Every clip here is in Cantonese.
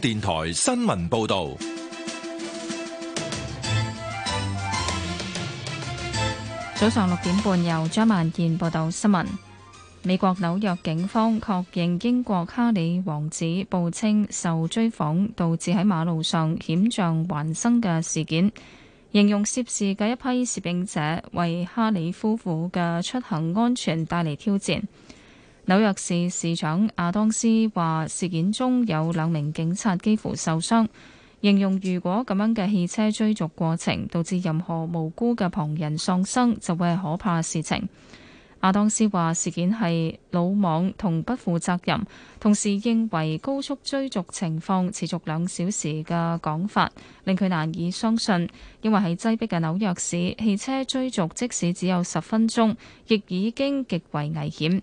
電台新聞報道：早上六點半，由張曼燕報道新聞。美國紐約警方確認，英國哈里王子報稱受追訪導致喺馬路上險象環生嘅事件，形容涉事嘅一批攝影者為哈里夫婦嘅出行安全帶嚟挑戰。紐約市市長阿當斯話，事件中有兩名警察幾乎受傷，形容如果咁樣嘅汽車追逐過程導致任何無辜嘅旁人喪生，就會係可怕事情。阿當斯話事件係魯莽同不負責任，同時認為高速追逐情況持續兩小時嘅講法令佢難以相信，因為喺擠逼嘅紐約市，汽車追逐即使只有十分鐘亦已經極為危險。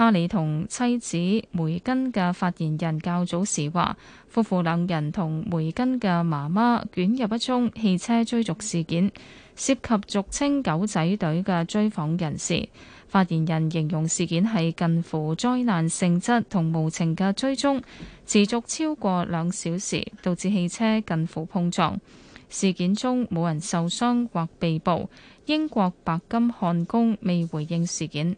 哈里同妻子梅根嘅發言人較早時話，夫婦兩人同梅根嘅媽媽捲入一宗汽車追逐事件，涉及俗稱狗仔隊嘅追訪人士。發言人形容事件係近乎災難性質同無情嘅追蹤，持續超過兩小時，導致汽車近乎碰撞。事件中冇人受傷或被捕。英國白金漢宮未回應事件。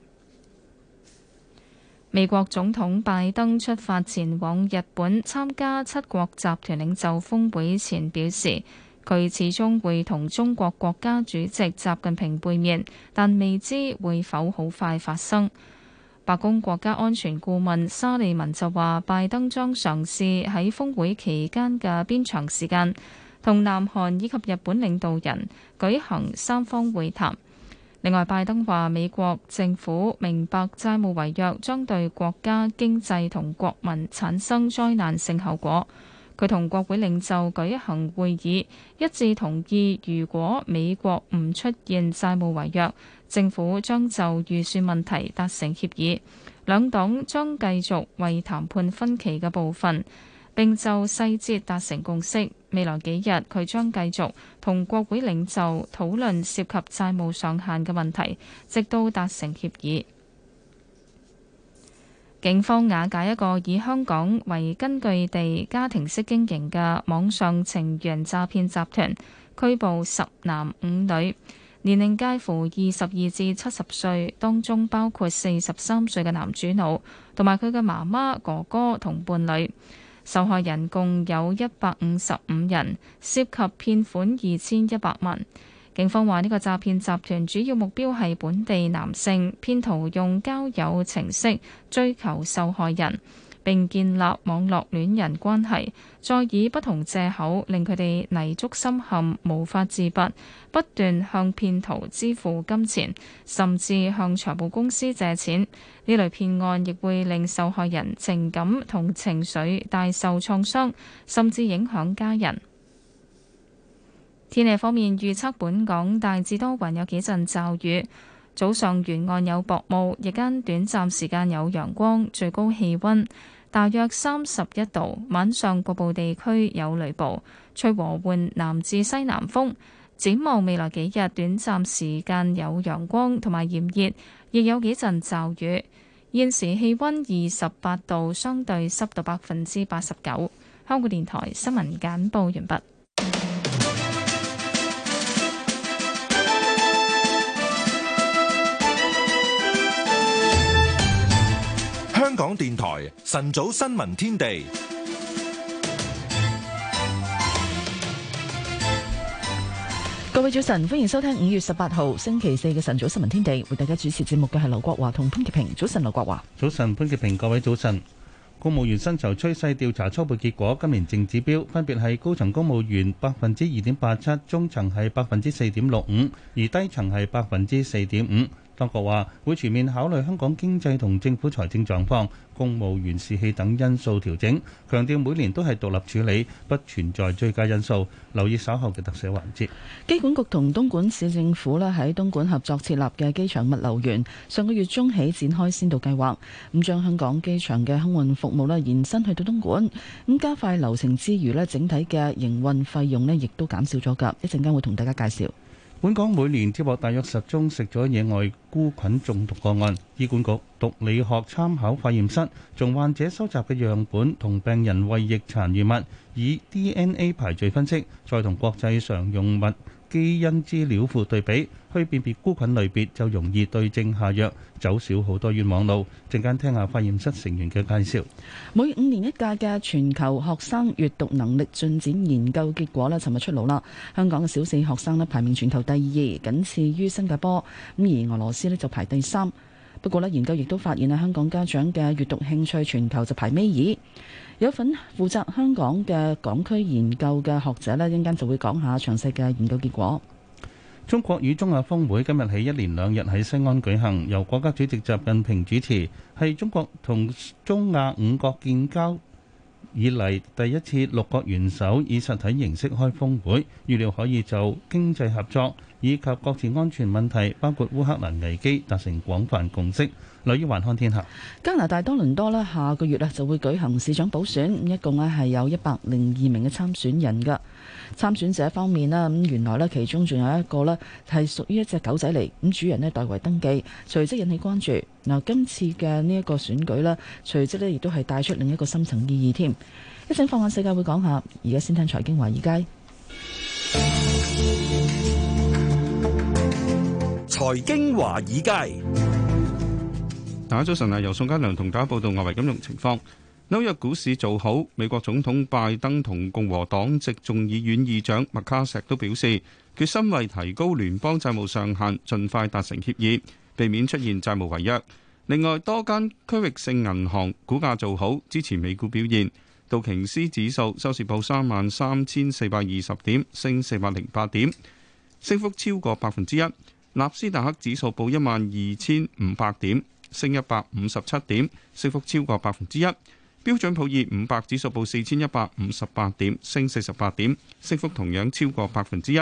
美國總統拜登出發前往日本參加七國集團領袖峰會前表示，佢始終會同中國國家主席習近平會面，但未知會否好快發生。白宮國家安全顧問沙利文就話，拜登將嘗試喺峰會期間嘅邊長時間同南韓以及日本領導人舉行三方會談。另外，拜登話美國政府明白債務違約將對國家經濟同國民產生災難性後果。佢同國會領袖舉行會議一致同意如果美國唔出現債務違約，政府將就預算問題達成協議，兩黨將繼續為談判分歧嘅部分並就細節達成共識。未來幾日，佢將繼續同國會領袖討論涉及債務上限嘅問題，直到達成協議。警方瓦解一個以香港為根據地、家庭式經營嘅網上情緣詐騙集團，拘捕十男五女，年齡介乎二十二至七十歲，當中包括四十三歲嘅男主腦，同埋佢嘅媽媽、哥哥同伴侶。受害人共有一百五十五人，涉及騙款二千一百萬。警方話，呢個詐騙集團主要目標係本地男性，騙徒用交友程式追求受害人。並建立網絡戀人關係，再以不同藉口令佢哋泥足深陷，無法自拔，不斷向騙徒支付金錢，甚至向財務公司借錢。呢類騙案亦會令受害人情感同情緒大受創傷，甚至影響家人。天氣方面預測，本港大致多雲，有幾陣驟雨。早上沿岸有薄霧，日間短暫時間有陽光，最高氣溫大約三十一度。晚上局部地區有雷暴，吹和緩南至西南風，展望未來幾日，短暫時間有陽光同埋炎熱，亦有幾陣驟雨。現時氣溫二十八度，相對濕度百分之八十九。香港電台新聞簡報完畢。香港電台晨早新聞天地，各位早晨，歡迎收聽五月十八號星期四嘅晨早新聞天地，為大家主持節目嘅係劉國華同潘潔平。早晨，劉國華。早晨，潘潔平。各位早晨。公務員薪酬趨勢調查初步結果，今年淨指標分別係高層公務員百分之二點八七，中層係百分之四點六五，而低層係百分之四點五。當局話會全面考慮香港經濟同政府財政狀況、公務員士氣等因素調整，強調每年都係獨立處理，不存在最佳因素。留意稍後嘅特寫環節。機管局同東莞市政府咧喺東莞合作設立嘅機場物流園，上個月中起展開先導計劃，咁將香港機場嘅空運服務咧延伸去到東莞，咁加快流程之餘咧，整體嘅營運費用咧亦都減少咗㗎。一陣間會同大家介紹。本港每年接獲大約十宗食咗野外菇菌中毒個案，醫管局毒理學參考化驗室從患者收集嘅樣本同病人胃液殘餘物，以 DNA 排序分析，再同國際常用物基因資料庫對比，去辨別菇菌類別，就容易對症下藥，走少好多冤枉路。陣間聽下化驗室成員嘅介紹。每五年一屆嘅全球學生閱讀能力進展研究結果呢，尋日出爐啦。香港嘅小四學生呢，排名全球第二，僅次於新加坡。咁而俄羅斯呢，就排第三。不過呢，研究亦都發現呢，香港家長嘅閱讀興趣全球就排尾二。有份負責香港嘅港區研究嘅學者呢，陣間就會講下詳細嘅研究結果。中國與中亞峰會今日起一連兩日喺西安舉行，由國家主席習近平主持，係中國同中亞五國建交以嚟第一次六國元首以實體形式開峰會，預料可以就經濟合作以及各自安全問題，包括烏克蘭危機，達成廣泛共識。女自云漢天下。加拿大多倫多咧，下個月咧就會舉行市長補選，一共咧係有一百零二名嘅參選人噶。參選者方面咧，咁原來咧其中仲有一個咧係屬於一隻狗仔嚟，咁主人咧代為登記，隨即引起關注。嗱，今次嘅呢一個選舉咧，隨即咧亦都係帶出另一個深層意義添。一陣放眼世界會講下，而家先聽財經華爾街。財經華爾街。大家早晨啊！由宋嘉良同大家報道外圍金融情況。紐約股市做好，美國總統拜登同共和黨籍眾議院議長麥卡錫都表示決心，為提高聯邦債務上限，盡快達成協議，避免出現債務違約。另外，多間區域性銀行股價做好，支持美股表現。道瓊斯指數收市報三萬三千四百二十點，升四百零八點，升幅超過百分之一。納斯達克指數報一萬二千五百點。升一百五十七點，升幅超過百分之一。標準普爾五百指數報四千一百五十八點，升四十八點，升幅同樣超過百分之一。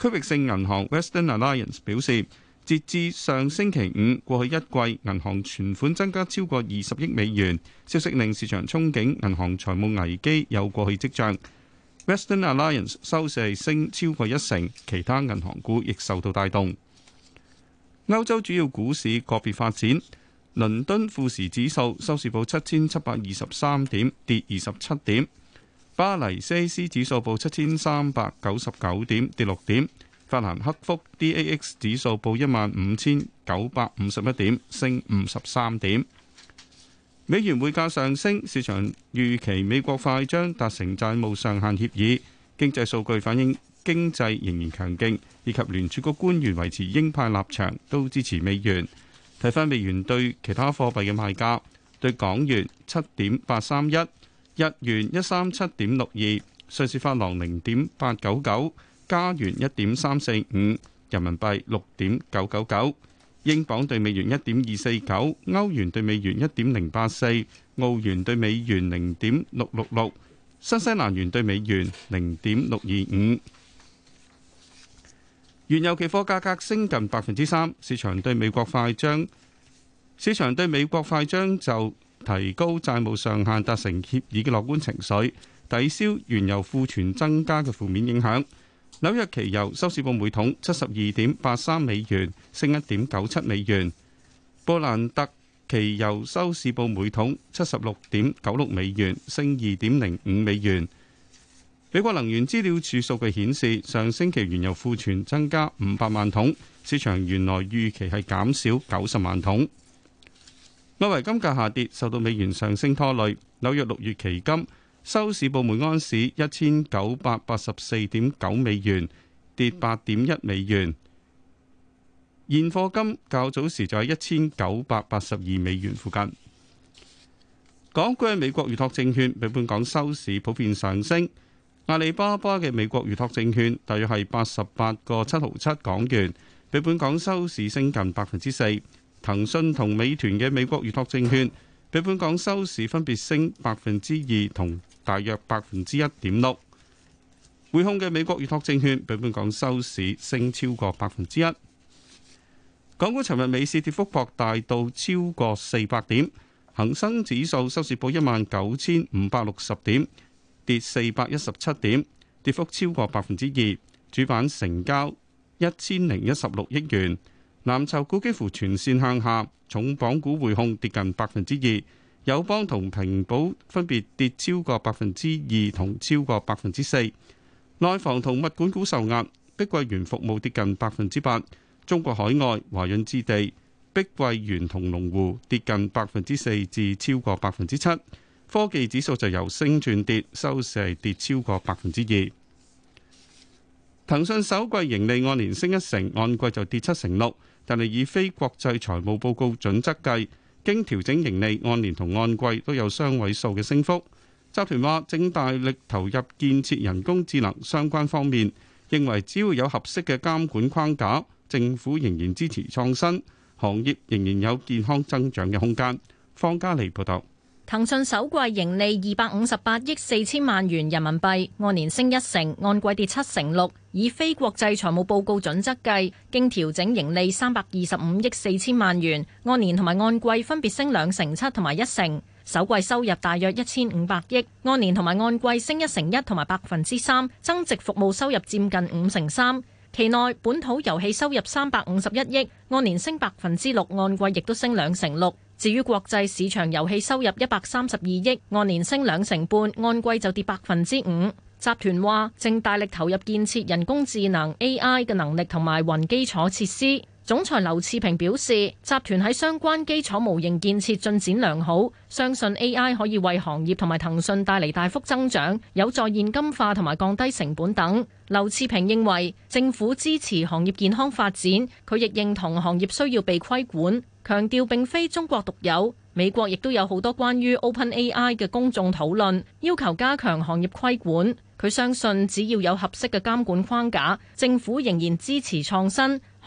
區域性銀行 Western Alliance 表示，截至上星期五過去一季，銀行存款增加超過二十億美元。消息令市場憧憬銀行財務危機有過去跡象。Western Alliance 收市升超過一成，其他銀行股亦受到帶動。歐洲主要股市個別發展。倫敦富時指數收市報七千七百二十三點，跌二十七點。巴黎 CAC 指數報七千三百九十九點，跌六點。法蘭克福 DAX 指數報一萬五千九百五十一點，升五十三點。美元匯價上升，市場預期美國快將達成債務上限協議，經濟數據反映經濟仍然強勁，以及聯儲局官員維持鷹派立場，都支持美元。睇翻美元對其他貨幣嘅賣價，對港元七點八三一，日元一三七點六二，瑞士法郎零點八九九，加元一點三四五，人民幣六點九九九，英鎊對美元一點二四九，歐元對美元一點零八四，澳元對美元零點六六六，新西蘭元對美元零點六二五。原油期貨價格升近百分之三，市場對美國快將市場對美國快將就提高債務上限達成協議嘅樂觀情緒，抵消原油庫存增加嘅負面影響。紐約期油收市報每桶七十二點八三美元，升一點九七美元。布蘭特期油收市報每桶七十六點九六美元，升二點零五美元。美國能源資料處數據顯示，上星期原油庫存增加五百萬桶，市場原來預期係減少九十萬桶。外圍金價下跌，受到美元上升拖累。紐約六月期金收市報每安士一千九百八十四點九美元，跌八點一美元。現貨金較早時就喺一千九百八十二美元附近。港股美國預託證券比本港收市普遍上升。阿里巴巴嘅美國預託證券大約係八十八個七毫七港元，比本港收市升近百分之四。騰訊同美團嘅美國預託證券，比本港收市分別升百分之二同大約百分之一點六。滙控嘅美國預託證券比本港收市升超過百分之一。港股尋日美市跌幅擴大到超過四百點，恒生指數收市報一萬九千五百六十點。跌四百一十七點，跌幅超過百分之二。主板成交一千零一十六億元。藍籌股幾乎全線向下，重磅股匯控跌近百分之二，友邦同平保分別跌超過百分之二同超過百分之四。內房同物管股受壓，碧桂園服務跌近百分之八，中國海外、華潤置地、碧桂園同龍湖跌近百分之四至超過百分之七。科技指數就由升轉跌，收市係跌超過百分之二。騰訊首季盈利按年升一成，按季就跌七成六。但係以非國際財務報告準則計，經調整盈利按年同按季都有雙位數嘅升幅。集團話正大力投入建設人工智能相關方面，認為只要有合適嘅監管框架，政府仍然支持創新，行業仍然有健康增長嘅空間。方家莉報導。騰訊首季盈利二百五十八億四千萬元人民幣，按年升一成，按季跌七成六。以非國際財務報告準則計，經調整盈利三百二十五億四千萬元，按年同埋按季分別升兩成七同埋一成。首季收入大約一千五百億，按年同埋按季升一成一同埋百分之三，增值服務收入佔近五成三。期內本土遊戲收入三百五十一億，按年升百分之六，按季亦都升兩成六。至於國際市場遊戲收入一百三十二億，按年升兩成半，按季就跌百分之五。集團話正大力投入建設人工智能 AI 嘅能力同埋雲基礎設施。總裁劉熾平表示，集團喺相關基礎模型建設進展良好，相信 A.I. 可以為行業同埋騰訊帶嚟大幅增長，有助現金化同埋降低成本等。劉熾平認為政府支持行業健康發展，佢亦認同行業需要被規管，強調並非中國獨有。美國亦都有好多關於 Open A.I. 嘅公眾討論，要求加強行業規管。佢相信只要有合適嘅監管框架，政府仍然支持創新。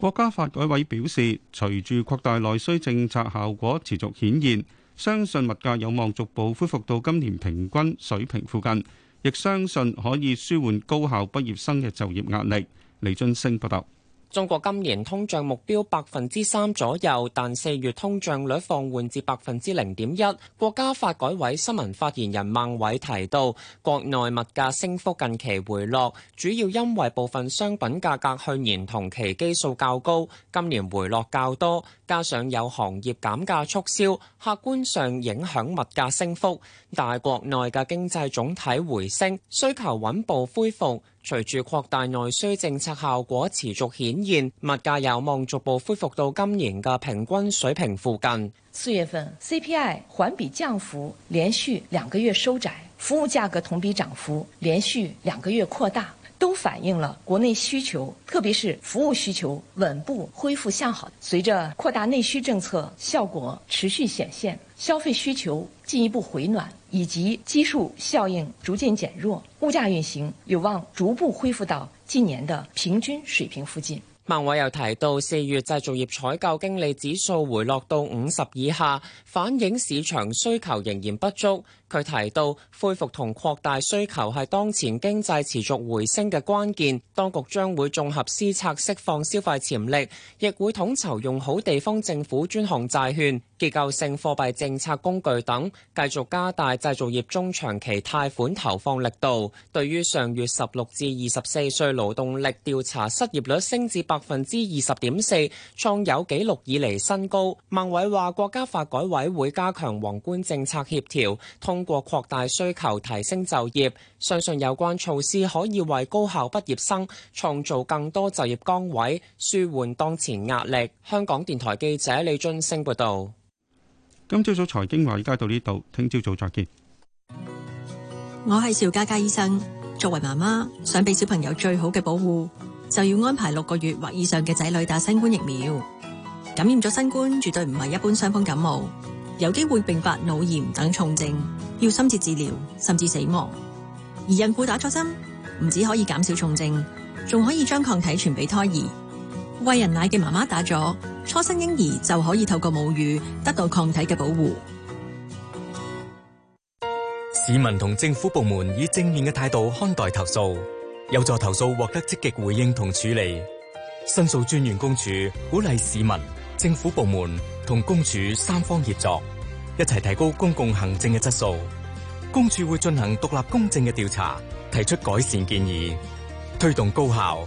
國家發改委表示，隨住擴大內需政策效果持續顯現，相信物價有望逐步恢復到今年平均水平附近，亦相信可以舒緩高校畢業生嘅就業壓力。李俊升報道。中國今年通脹目標百分之三左右，但四月通脹率放緩至百分之零點一。國家發改委新聞發言人孟偉提到，國內物價升幅近期回落，主要因為部分商品價格去年同期基數較高，今年回落較多，加上有行業減價促銷，客觀上影響物價升幅。但國內嘅經濟總體回升，需求穩步恢復。隨住擴大內需政策效果持續顯現，物價有望逐步恢復到今年嘅平均水平附近。四月份 CPI 環比降幅連續兩個月收窄，服務價格同比漲幅連續兩個月擴大，都反映了國內需求，特別是服務需求穩步恢復向好。隨着擴大內需政策效果持續顯現，消費需求進一步回暖。以及基數效應逐漸減弱，物價運行有望逐步恢復到近年的平均水平附近。孟偉又提到，四月製造業採購經理指數回落到五十以下，反映市場需求仍然不足。佢提到，恢復同擴大需求係當前經濟持續回升嘅關鍵，當局將會綜合施策，釋放消費潛力，亦會統籌用好地方政府專項債券。結構性貨幣政策工具等繼續加大製造業中長期貸款投放力度。對於上月十六至二十四歲勞動力調查失業率升至百分之二十點四，創有紀錄以嚟新高。孟偉話，國家發改委會,會加強宏觀政策協調，通過擴大需求提升就業，相信有關措施可以為高校畢業生創造更多就業崗位，舒緩當前壓力。香港電台記者李俊升報道。今朝早財經話而家到呢度，聽朝早再見。我係邵嘉嘉醫生，作為媽媽，想俾小朋友最好嘅保護，就要安排六個月或以上嘅仔女打新冠疫苗。感染咗新冠，絕對唔係一般傷風感冒，有機會併發腦炎等重症，要深切治療，甚至死亡。而孕婦打咗針，唔止可以減少重症，仲可以將抗體傳俾胎兒。餵人奶嘅媽媽打咗，初生嬰兒就可以透過母乳得到抗體嘅保護。市民同政府部門以正面嘅態度看待投訴，有助投訴獲得積極回應同處理。申訴專員公署鼓勵市民、政府部門同公署三方協作，一齊提高公共行政嘅質素。公署會進行獨立公正嘅調查，提出改善建議，推動高效。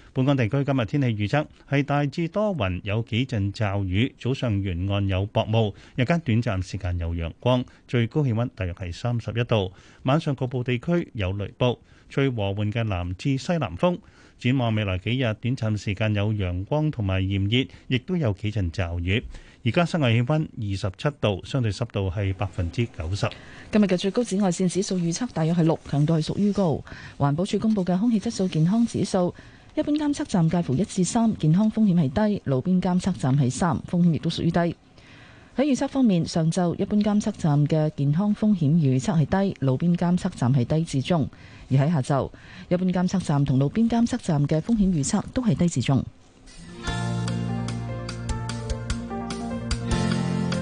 本港地區今日天氣預測係大致多雲，有幾陣驟雨。早上沿岸有薄霧，日間短暫時間有陽光，最高氣温大約係三十一度。晚上局部地區有雷暴，吹和緩嘅南至西南風。展望未來幾日，短暫時間有陽光同埋炎熱，亦都有幾陣驟雨。而家室外氣温二十七度，相對濕度係百分之九十。今日嘅最高紫外線指數預測大約係六，強度係屬於高。環保署公布嘅空氣質素健康指數。一般監測站介乎一至三，健康風險係低；路邊監測站係三，風險亦都屬於低。喺預測方面，上晝一般監測站嘅健康風險預測係低，路邊監測站係低至中；而喺下晝，一般監測站同路邊監測站嘅風險預測都係低至中。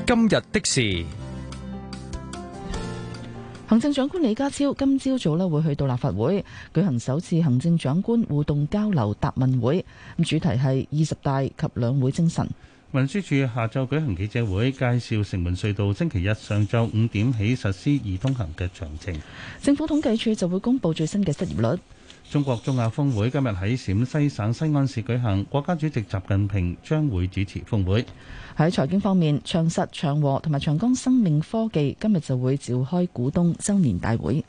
今日的事。行政長官李家超今朝早呢會去到立法會舉行首次行政長官互動交流答問會，主題係二十大及兩會精神。運輸署下晝舉行記者會，介紹城門隧道星期一上晝五點起實施易通行嘅詳情。政府統計處就會公布最新嘅失業率。中國中亞峰會今日喺陝西省西安市舉行，國家主席習近平將會主持峰會。喺財經方面，長實、長和同埋長江生命科技今日就會召開股東周年大會。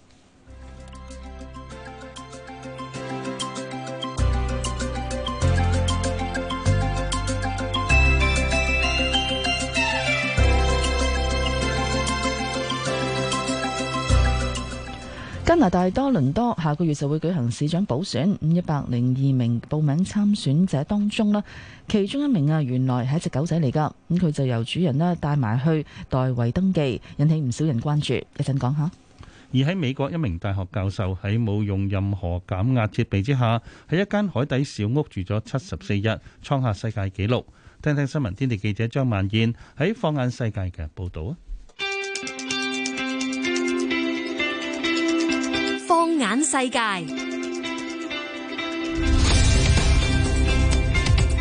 加拿大多倫多下個月就會舉行市長補選，咁一百零二名報名參選者當中啦，其中一名啊，原來係一隻狗仔嚟噶，咁佢就由主人咧帶埋去代為登記，引起唔少人關注。講一陣講下。而喺美國，一名大學教授喺冇用任何減壓設備之下，喺一間海底小屋住咗七十四日，創下世界紀錄。聽聽新聞天地記者張萬燕喺放眼世界嘅報道啊！眼世界，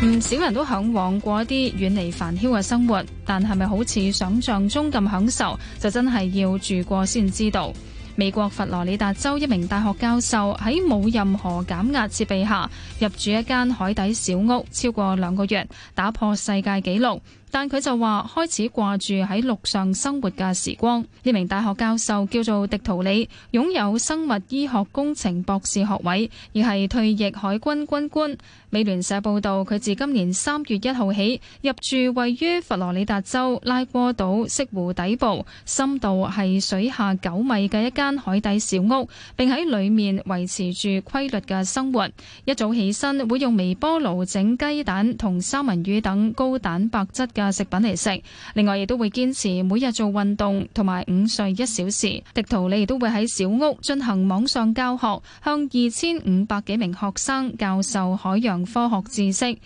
唔少人都嚮往過一啲遠離煩囂嘅生活，但係咪好似想象中咁享受，就真係要住過先知道。美國佛羅里達州一名大學教授喺冇任何減壓設備下，入住一間海底小屋超過兩個月，打破世界紀錄。但佢就話開始掛住喺陸上生活嘅時光。呢名大學教授叫做迪圖里，擁有生物醫學工程博士學位，而係退役海軍軍官。美聯社報道，佢自今年三月一號起入住位於佛羅里達州拉戈島潟湖底部，深度係水下九米嘅一間海底小屋，並喺裏面維持住規律嘅生活。一早起身會用微波爐整雞蛋同三文魚等高蛋白質嘅。嘅食品嚟食，另外亦都會堅持每日做運動同埋午睡一小時。迪圖利亦都會喺小屋進行網上教學，向二千五百幾名學生教授海洋科學知識。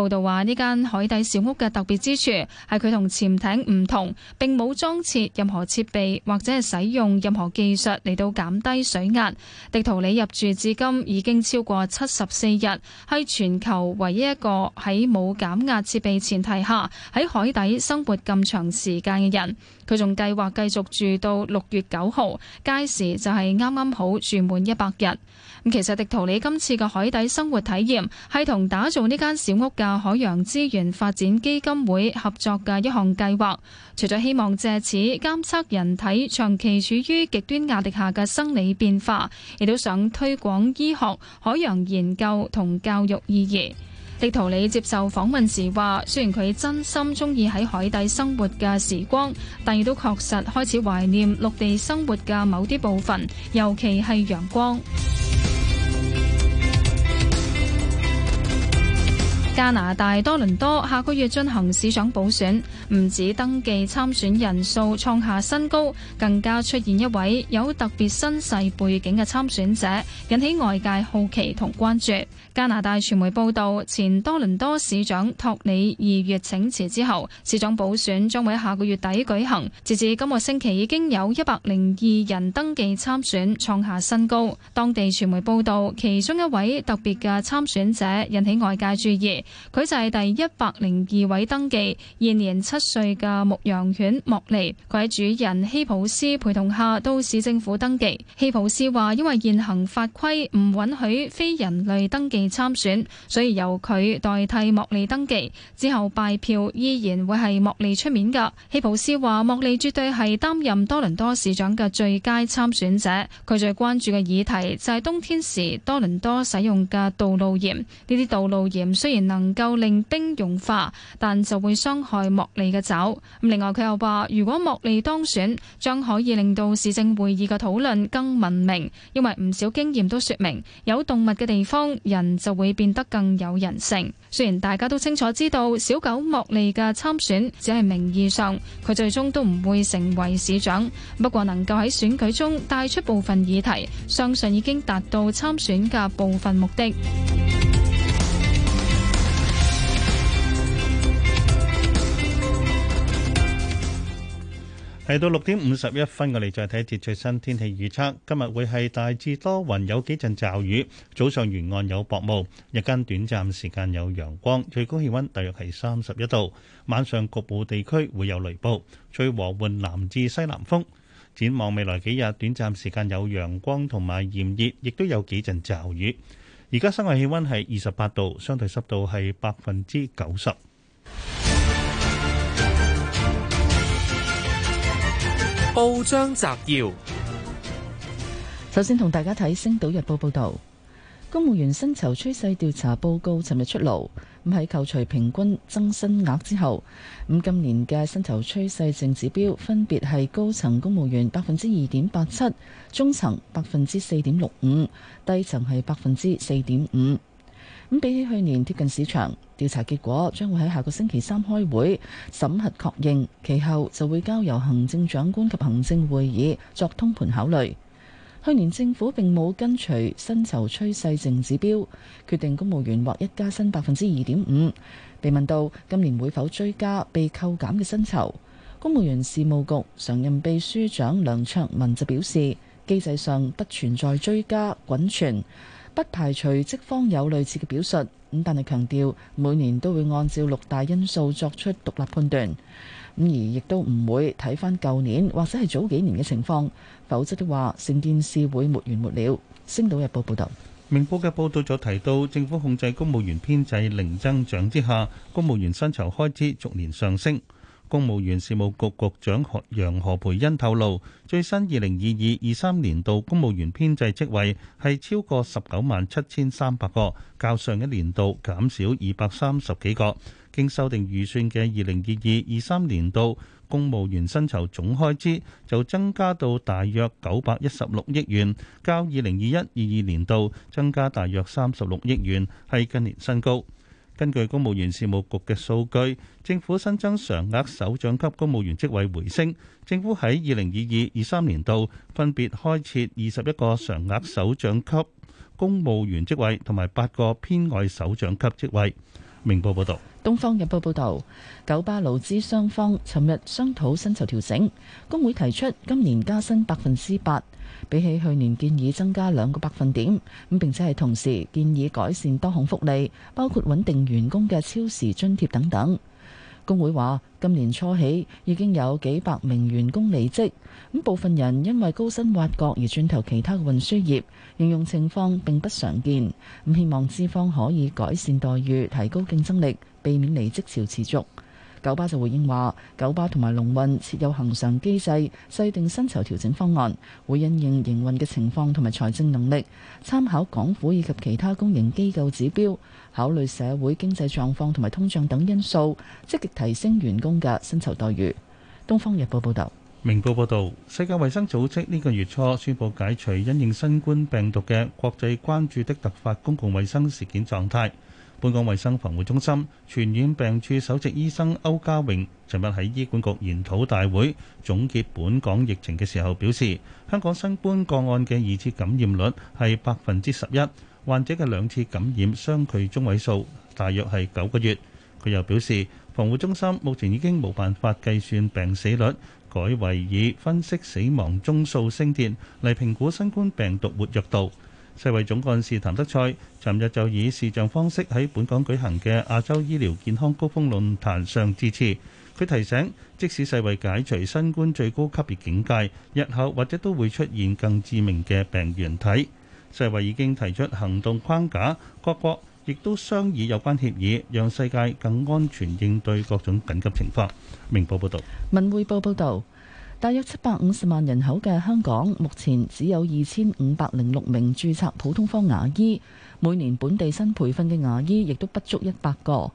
報道話，呢間海底小屋嘅特別之處係佢同潛艇唔同，並冇裝設任何設備，或者係使用任何技術嚟到減低水壓。迪圖里入住至今已經超過七十四日，係全球唯一一個喺冇減壓設備前提下喺海底生活咁長時間嘅人。佢仲計劃繼續住到六月九號，屆時就係啱啱好住滿一百日。其實迪圖里今次嘅海底生活體驗係同打造呢間小屋嘅海洋資源發展基金會合作嘅一項計劃，除咗希望借此監測人體長期處於極端壓力下嘅生理變化，亦都想推廣醫學、海洋研究同教育意義。迪圖里接受訪問時話，雖然佢真心鍾意喺海底生活嘅時光，但亦都確實開始懷念陸地生活嘅某啲部分，尤其係陽光。加拿大多倫多下個月進行市長補選，唔止登記參選人數創下新高，更加出現一位有特別身世背景嘅參選者，引起外界好奇同關注。加拿大傳媒報道，前多倫多市長托尼二月請辭之後，市長補選將會下個月底舉行。截至今個星期，已經有一百零二人登記參選，創下新高。當地傳媒報道，其中一位特別嘅參選者引起外界注意。佢就係第一百零二位登記，現年七歲嘅牧羊犬莫利，佢喺主人希普斯陪同下到市政府登記。希普斯話：因為現行法規唔允許非人類登記參選，所以由佢代替莫利登記。之後拜票依然會係莫利出面㗎。希普斯話：莫利絕對係擔任多倫多市長嘅最佳參選者。佢最關注嘅議題就係冬天時多倫多使用嘅道路鹽，呢啲道路鹽雖然能夠令冰融化，但就會傷害莫利嘅爪。咁另外佢又話，如果莫利當選，將可以令到市政會議嘅討論更文明，因為唔少經驗都說明，有動物嘅地方，人就會變得更有人性。雖然大家都清楚知道，小狗莫利嘅參選只係名義上，佢最終都唔會成為市長。不過能夠喺選舉中帶出部分議題，相信已經達到參選嘅部分目的。嚟到六點五十一分，我哋再睇一節最新天氣預測。今日會係大致多雲，有幾陣驟雨。早上沿岸有薄霧，日間短暫時間有陽光，最高氣溫大約係三十一度。晚上局部地區會有雷暴，吹和緩南至西南風。展望未來幾日，短暫時間有陽光同埋炎熱，亦都有幾陣驟雨。而家室外氣溫係二十八度，相對濕度係百分之九十。報章摘要，首先同大家睇《星島日報》報道，公務員薪酬趨勢調查報告尋日出爐。咁喺扣除平均增薪額之後，咁今年嘅薪酬趨勢性指標分別係高層公務員百分之二點八七，中層百分之四點六五，低層係百分之四點五。咁比起去年貼近市場調查結果，將會喺下個星期三開會審核確認，其後就會交由行政長官及行政會議作通盤考慮。去年政府並冇跟隨薪酬趨勢淨指標決定公務員或一加薪百分之二點五。被問到今年會否追加被扣減嘅薪酬，公務員事務局常任秘書長梁卓文就表示，機制上不存在追加滾存。不排除職方有類似嘅表述，咁但係強調每年都會按照六大因素作出獨立判斷，咁而亦都唔會睇翻舊年或者係早幾年嘅情況，否則的話成件事會沒完沒了。星島日報報導，明報嘅報道就提到，政府控制公務員編制零增長之下，公務員薪酬開支逐年上升。公務員事務局局長楊何培恩透露，最新二零二二、二三年度公務員編制職位係超過十九萬七千三百個，較上一年度減少二百三十幾個。經修訂預算嘅二零二二、二三年度公務員薪酬總開支就增加到大約九百一十六億元，較二零二一二二年度增加大約三十六億元，係近年新高。根據公務員事務局嘅數據，政府新增常額首長級公務員職位回升。政府喺二零二二二三年度分別開設二十一個常額首長級公務員職位，同埋八個偏外首長級職位。明報報導，《東方日報》報導，九巴勞資雙方尋日商討薪酬調整，工會提出今年加薪百分之八。比起去年建議增加兩個百分點咁，並且係同時建議改善多項福利，包括穩定員工嘅超時津貼等等。工會話今年初起已經有幾百名員工離職，咁部分人因為高薪挖角而轉投其他嘅運輸業，形容情況並不常見。咁希望資方可以改善待遇，提高競爭力，避免離職潮持續。九巴就回應話：九巴同埋龍運設有恆常機制，制定薪酬調整方案，會因應營運嘅情況同埋財政能力，參考港府以及其他公營機構指標，考慮社會經濟狀況同埋通脹等因素，積極提升員工嘅薪酬待遇。《東方日報》報道：《明報》報道，世界衞生組織呢個月初宣布解除因應新冠病毒嘅國際關注的突發公共衞生事件狀態。本港衛生防護中心傳染病處首席醫生歐家榮尋日喺醫管局研討大會總結本港疫情嘅時候表示，香港新冠個案嘅二次感染率係百分之十一，患者嘅兩次感染相距中位數大約係九個月。佢又表示，防護中心目前已經冇辦法計算病死率，改為以分析死亡宗數升跌嚟評估新冠病毒活躍度。世衛總幹事譚德賽尋日就以視像方式喺本港舉行嘅亞洲醫療健康高峰論壇上致辭。佢提醒，即使世衛解除新冠最高級別警戒，日後或者都會出現更致命嘅病原體。世衛已經提出行動框架，各國亦都商議有關協議，讓世界更安全應對各種緊急情況。明報報道，文匯報報道。大約七百五十萬人口嘅香港，目前只有二千五百零六名註冊普通科牙醫，每年本地新培訓嘅牙醫亦都不足一百個。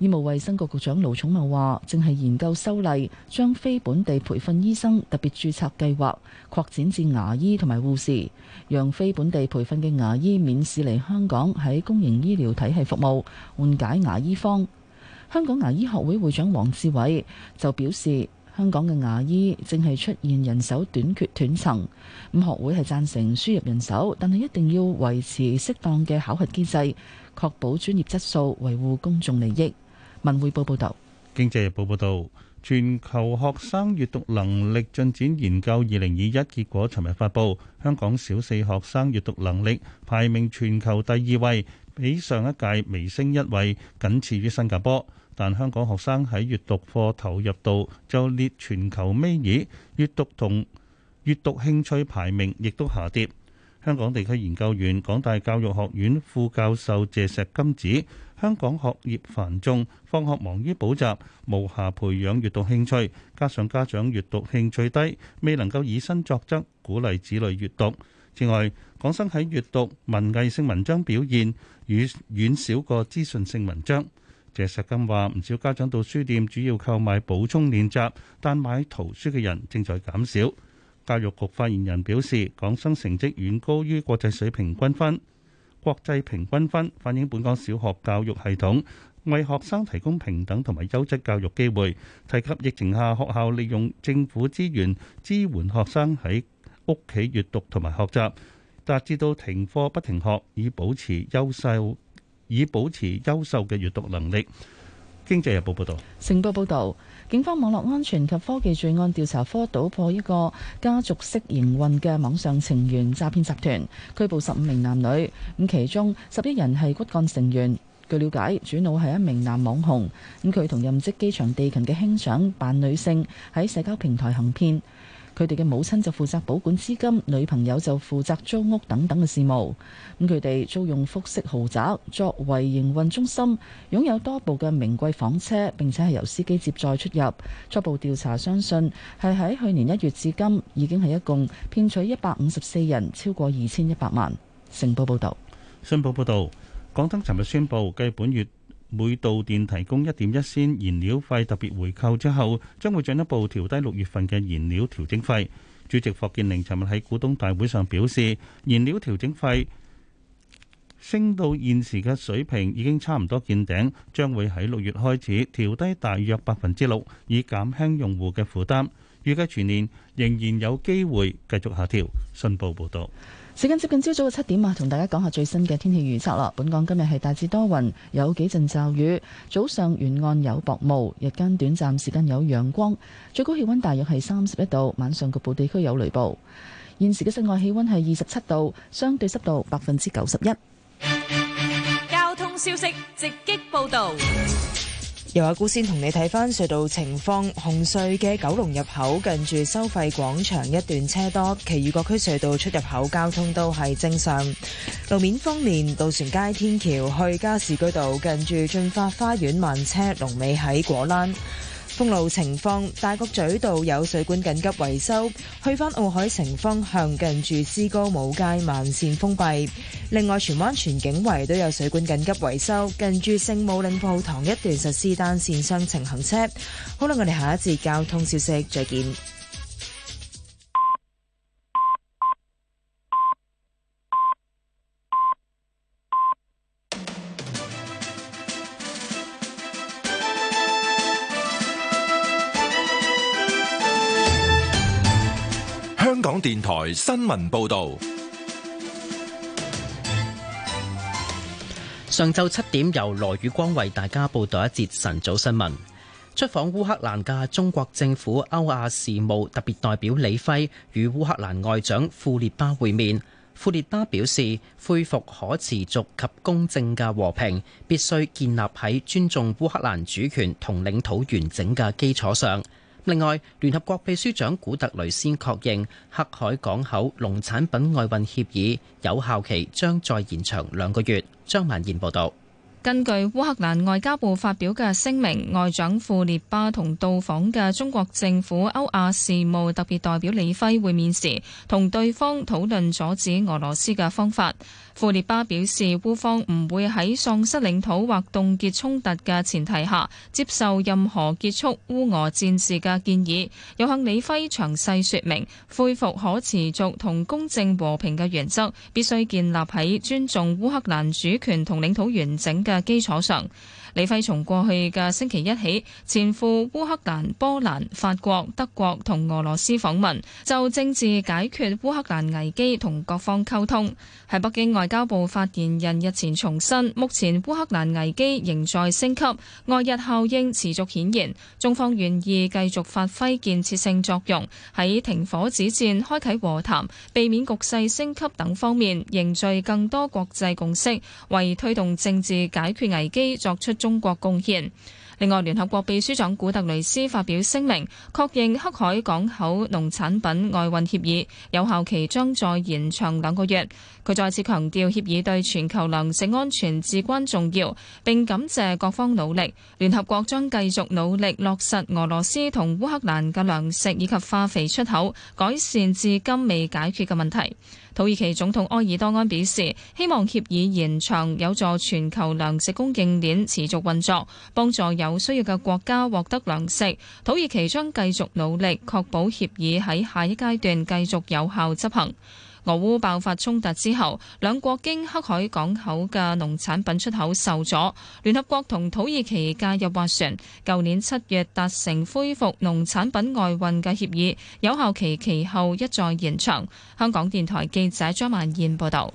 醫務衛生局局長盧寵茂話，正係研究修例，將非本地培訓醫生特別註冊計劃擴展至牙醫同埋護士，讓非本地培訓嘅牙醫免試嚟香港喺公營醫療體系服務，緩解牙醫荒。香港牙醫學會會長黃志偉就表示。香港嘅牙醫正係出現人手短缺斷層，咁學會係贊成輸入人手，但係一定要維持適當嘅考核機制，確保專業質素，維護公眾利益。文匯報報導，經濟日報報導，全球學生閱讀能力進展研究二零二一結果，尋日發布，香港小四學生閱讀能力排名全球第二位，比上一屆微升一位，僅次於新加坡。但香港學生喺閱讀課投入度就列全球尾二，閱讀同閱讀興趣排名亦都下跌。香港地區研究員、港大教育學院副教授謝錫金指，香港學業繁重，放學忙於補習，無暇培養閱讀興趣，加上家長閱讀興趣低，未能夠以身作則鼓勵子女閱讀。此外，港生喺閱讀文藝性文章表現，與遠遠少過資訊性文章。謝石金話：唔少家長到書店主要購買補充練習，但買圖書嘅人正在減少。教育局發言人表示，港生成績遠高於國際水平均分。國際平均分反映本港小學教育系統為學生提供平等同埋優質教育機會。提及疫情下學校利用政府資源支援學生喺屋企閱讀同埋學習，達至到停課不停學，以保持優秀以保持優秀嘅閱讀能力。經濟日報報導，成報報導，警方網絡安全及科技罪案調查科搗破一個家族式營運嘅網上情緣詐騙集團，拘捕十五名男女，咁其中十一人係骨幹成員。據了解，主腦係一名男網紅，咁佢同任職機場地勤嘅兄長扮女性喺社交平台行騙。佢哋嘅母親就負責保管資金，女朋友就負責租屋等等嘅事務。咁佢哋租用複式豪宅作為營運中心，擁有多部嘅名貴房車，並且係由司機接載出入。初步調查相信係喺去年一月至今已經係一共騙取一百五十四人超過二千一百萬。成報報道：「信報報導，廣東尋日宣布，繼本月每度電提供一點一仙燃料費特別回扣之後，將會進一步調低六月份嘅燃料調整費。主席霍建寧尋日喺股東大會上表示，燃料調整費升到現時嘅水平已經差唔多見頂，將會喺六月開始調低大約百分之六，以減輕用戶嘅負擔。預計全年仍然有機會繼續下調。信報報導。時間接近朝早嘅七點啊，同大家講下最新嘅天氣預測啦。本港今日係大致多雲，有幾陣驟雨，早上沿岸有薄霧，日間短暫時間有陽光，最高氣温大約係三十一度，晚上局部地區有雷暴。現時嘅室外氣温係二十七度，相對濕度百分之九十一。交通消息直擊報道。又話先同你睇翻隧道情況，紅隧嘅九龍入口近住收費廣場一段車多，其餘各區隧道出入口交通都係正常。路面方面，渡船街天橋去加士居道近住駿發花園慢車龍尾喺果欄。封路情況，大角咀道有水管緊急維修；去返奧海城方向，近住詩歌舞街慢綫封閉。另外，荃灣全景圍都有水管緊急維修，近住聖母領報堂一段實施單綫雙程行車。好啦，我哋下一節交通消息再見。香港電台新聞報道：上晝七點，由羅宇光為大家報道一節晨早新聞。出訪烏克蘭嘅中國政府歐亞事務特別代表李輝與烏克蘭外長庫列巴會面。庫列巴表示，恢復可持續及公正嘅和平，必須建立喺尊重烏克蘭主權同領土完整嘅基礎上。另外，聯合國秘書長古特雷斯確認黑海港口農產品外運協議有效期將再延長兩個月。張曼燕報導。根據烏克蘭外交部發表嘅聲明，外長庫列巴同到訪嘅中國政府歐亞事務特別代表李輝會面時，同對方討論阻止俄羅斯嘅方法。庫列巴表示，烏方唔會喺喪失領土或凍結衝突嘅前提下接受任何結束烏俄戰事嘅建議。又向李輝詳細説明，恢復可持續同公正和平嘅原則必須建立喺尊重烏克蘭主權同領土完整嘅基礎上。李輝從過去嘅星期一起，前赴烏克蘭、波蘭、法國、德國同俄羅斯訪問，就政治解決烏克蘭危機同各方溝通。喺北京外交部發言人日前重申，目前烏克蘭危機仍在升級，外溢效應持續顯現，中方願意繼續發揮建設性作用，喺停火止戰、開啓和談、避免局勢升級等方面凝聚更多國際共識，為推動政治解決危機作出中。中國貢獻。另外，聯合國秘書長古特雷斯發表聲明，確認黑海港口農產品外運協議有效期將再延長兩個月。佢再次強調，協議對全球糧食安全至關重要，並感謝各方努力。聯合國將繼續努力落實俄羅斯同烏克蘭嘅糧食以及化肥出口，改善至今未解決嘅問題。土耳其總統埃爾多安表示，希望協議延長有助全球糧食供應鏈持續運作，幫助有需要嘅國家獲得糧食。土耳其將繼續努力確保協議喺下一階段繼續有效執行。俄烏爆發衝突之後，兩國經黑海港口嘅農產品出口受阻。聯合國同土耳其介入斡旋，舊年七月達成恢復農產品外運嘅協議，有效期其後一再延長。香港電台記者張曼燕報道。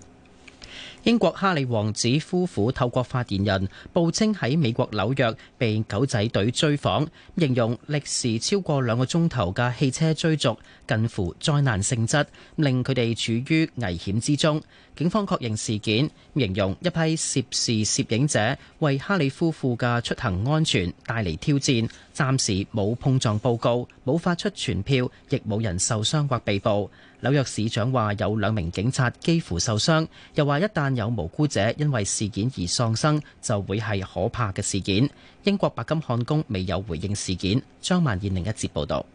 英國哈里王子夫婦透過發言人報稱喺美國紐約被狗仔隊追訪，形容歷時超過兩個鐘頭嘅汽車追逐近乎災難性質，令佢哋處於危險之中。警方確認事件，形容一批涉事攝影者為哈里夫婦嘅出行安全帶嚟挑戰。暫時冇碰撞報告，冇發出傳票，亦冇人受傷或被捕。紐約市長話有兩名警察幾乎受傷，又話一旦有無辜者因為事件而喪生，就會係可怕嘅事件。英國白金漢宮未有回應事件。張萬燕另一節報導。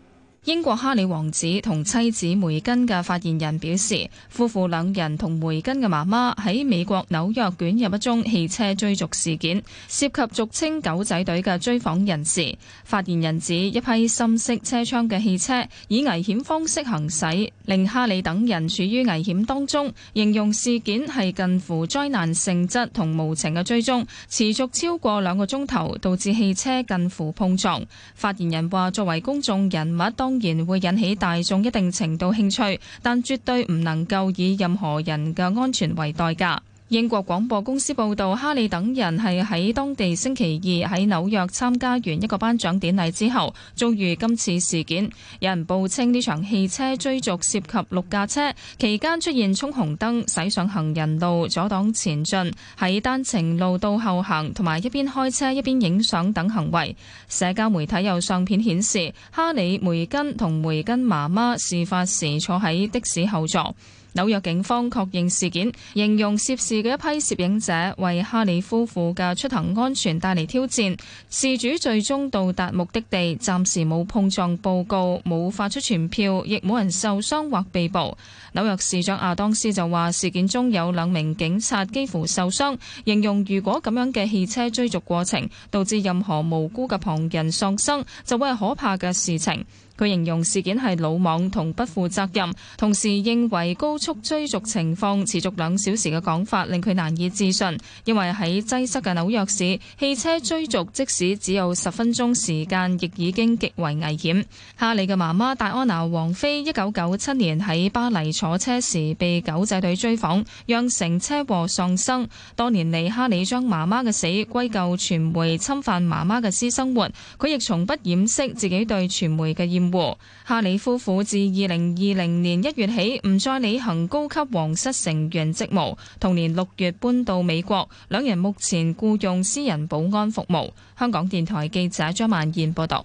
英國哈里王子同妻子梅根嘅發言人表示，夫婦兩人同梅根嘅媽媽喺美國紐約捲入一宗汽車追逐事件，涉及俗稱狗仔隊嘅追訪人士。發言人指，一批深色車窗嘅汽車以危險方式行駛，令哈里等人處於危險當中，形容事件係近乎災難性質同無情嘅追蹤，持續超過兩個鐘頭，導致汽車近乎碰撞。發言人話：作為公眾人物當然會引起大眾一定程度興趣，但絕對唔能夠以任何人嘅安全為代價。英國廣播公司報道，哈里等人係喺當地星期二喺紐約參加完一個頒獎典禮之後，遭遇今次事件。有人報稱呢場汽車追逐涉及六架車，期間出現衝紅燈、駛上行人路、阻擋前進、喺單程路度後行同埋一邊開車一邊影相等行為。社交媒體有相片顯示，哈里、梅根同梅根媽媽事發時坐喺的士後座。紐約警方確認事件，形容涉事嘅一批攝影者為哈里夫婦嘅出行安全帶嚟挑戰。事主最終到達目的地，暫時冇碰撞報告，冇發出傳票，亦冇人受傷或被捕。紐約市長亞當斯就話：事件中有兩名警察幾乎受傷，形容如果咁樣嘅汽車追逐過程導致任何無辜嘅旁人喪生，就會係可怕嘅事情。佢形容事件係魯莽同不負責任，同時認為高速追逐情況持續兩小時嘅講法令佢難以置信，因為喺擠塞嘅紐約市，汽車追逐即使只有十分鐘時間亦已經極為危險。哈里嘅媽媽戴安娜王妃一九九七年喺巴黎坐車時被狗仔隊追訪，釀成車禍喪生。多年嚟，哈里將媽媽嘅死歸咎傳媒侵犯媽媽嘅私生活，佢亦從不掩飾自己對傳媒嘅厭惡。哈里夫婦自二零二零年一月起唔再履行高級皇室成員職務，同年六月搬到美國，兩人目前僱用私人保安服務。香港電台記者張曼燕報道。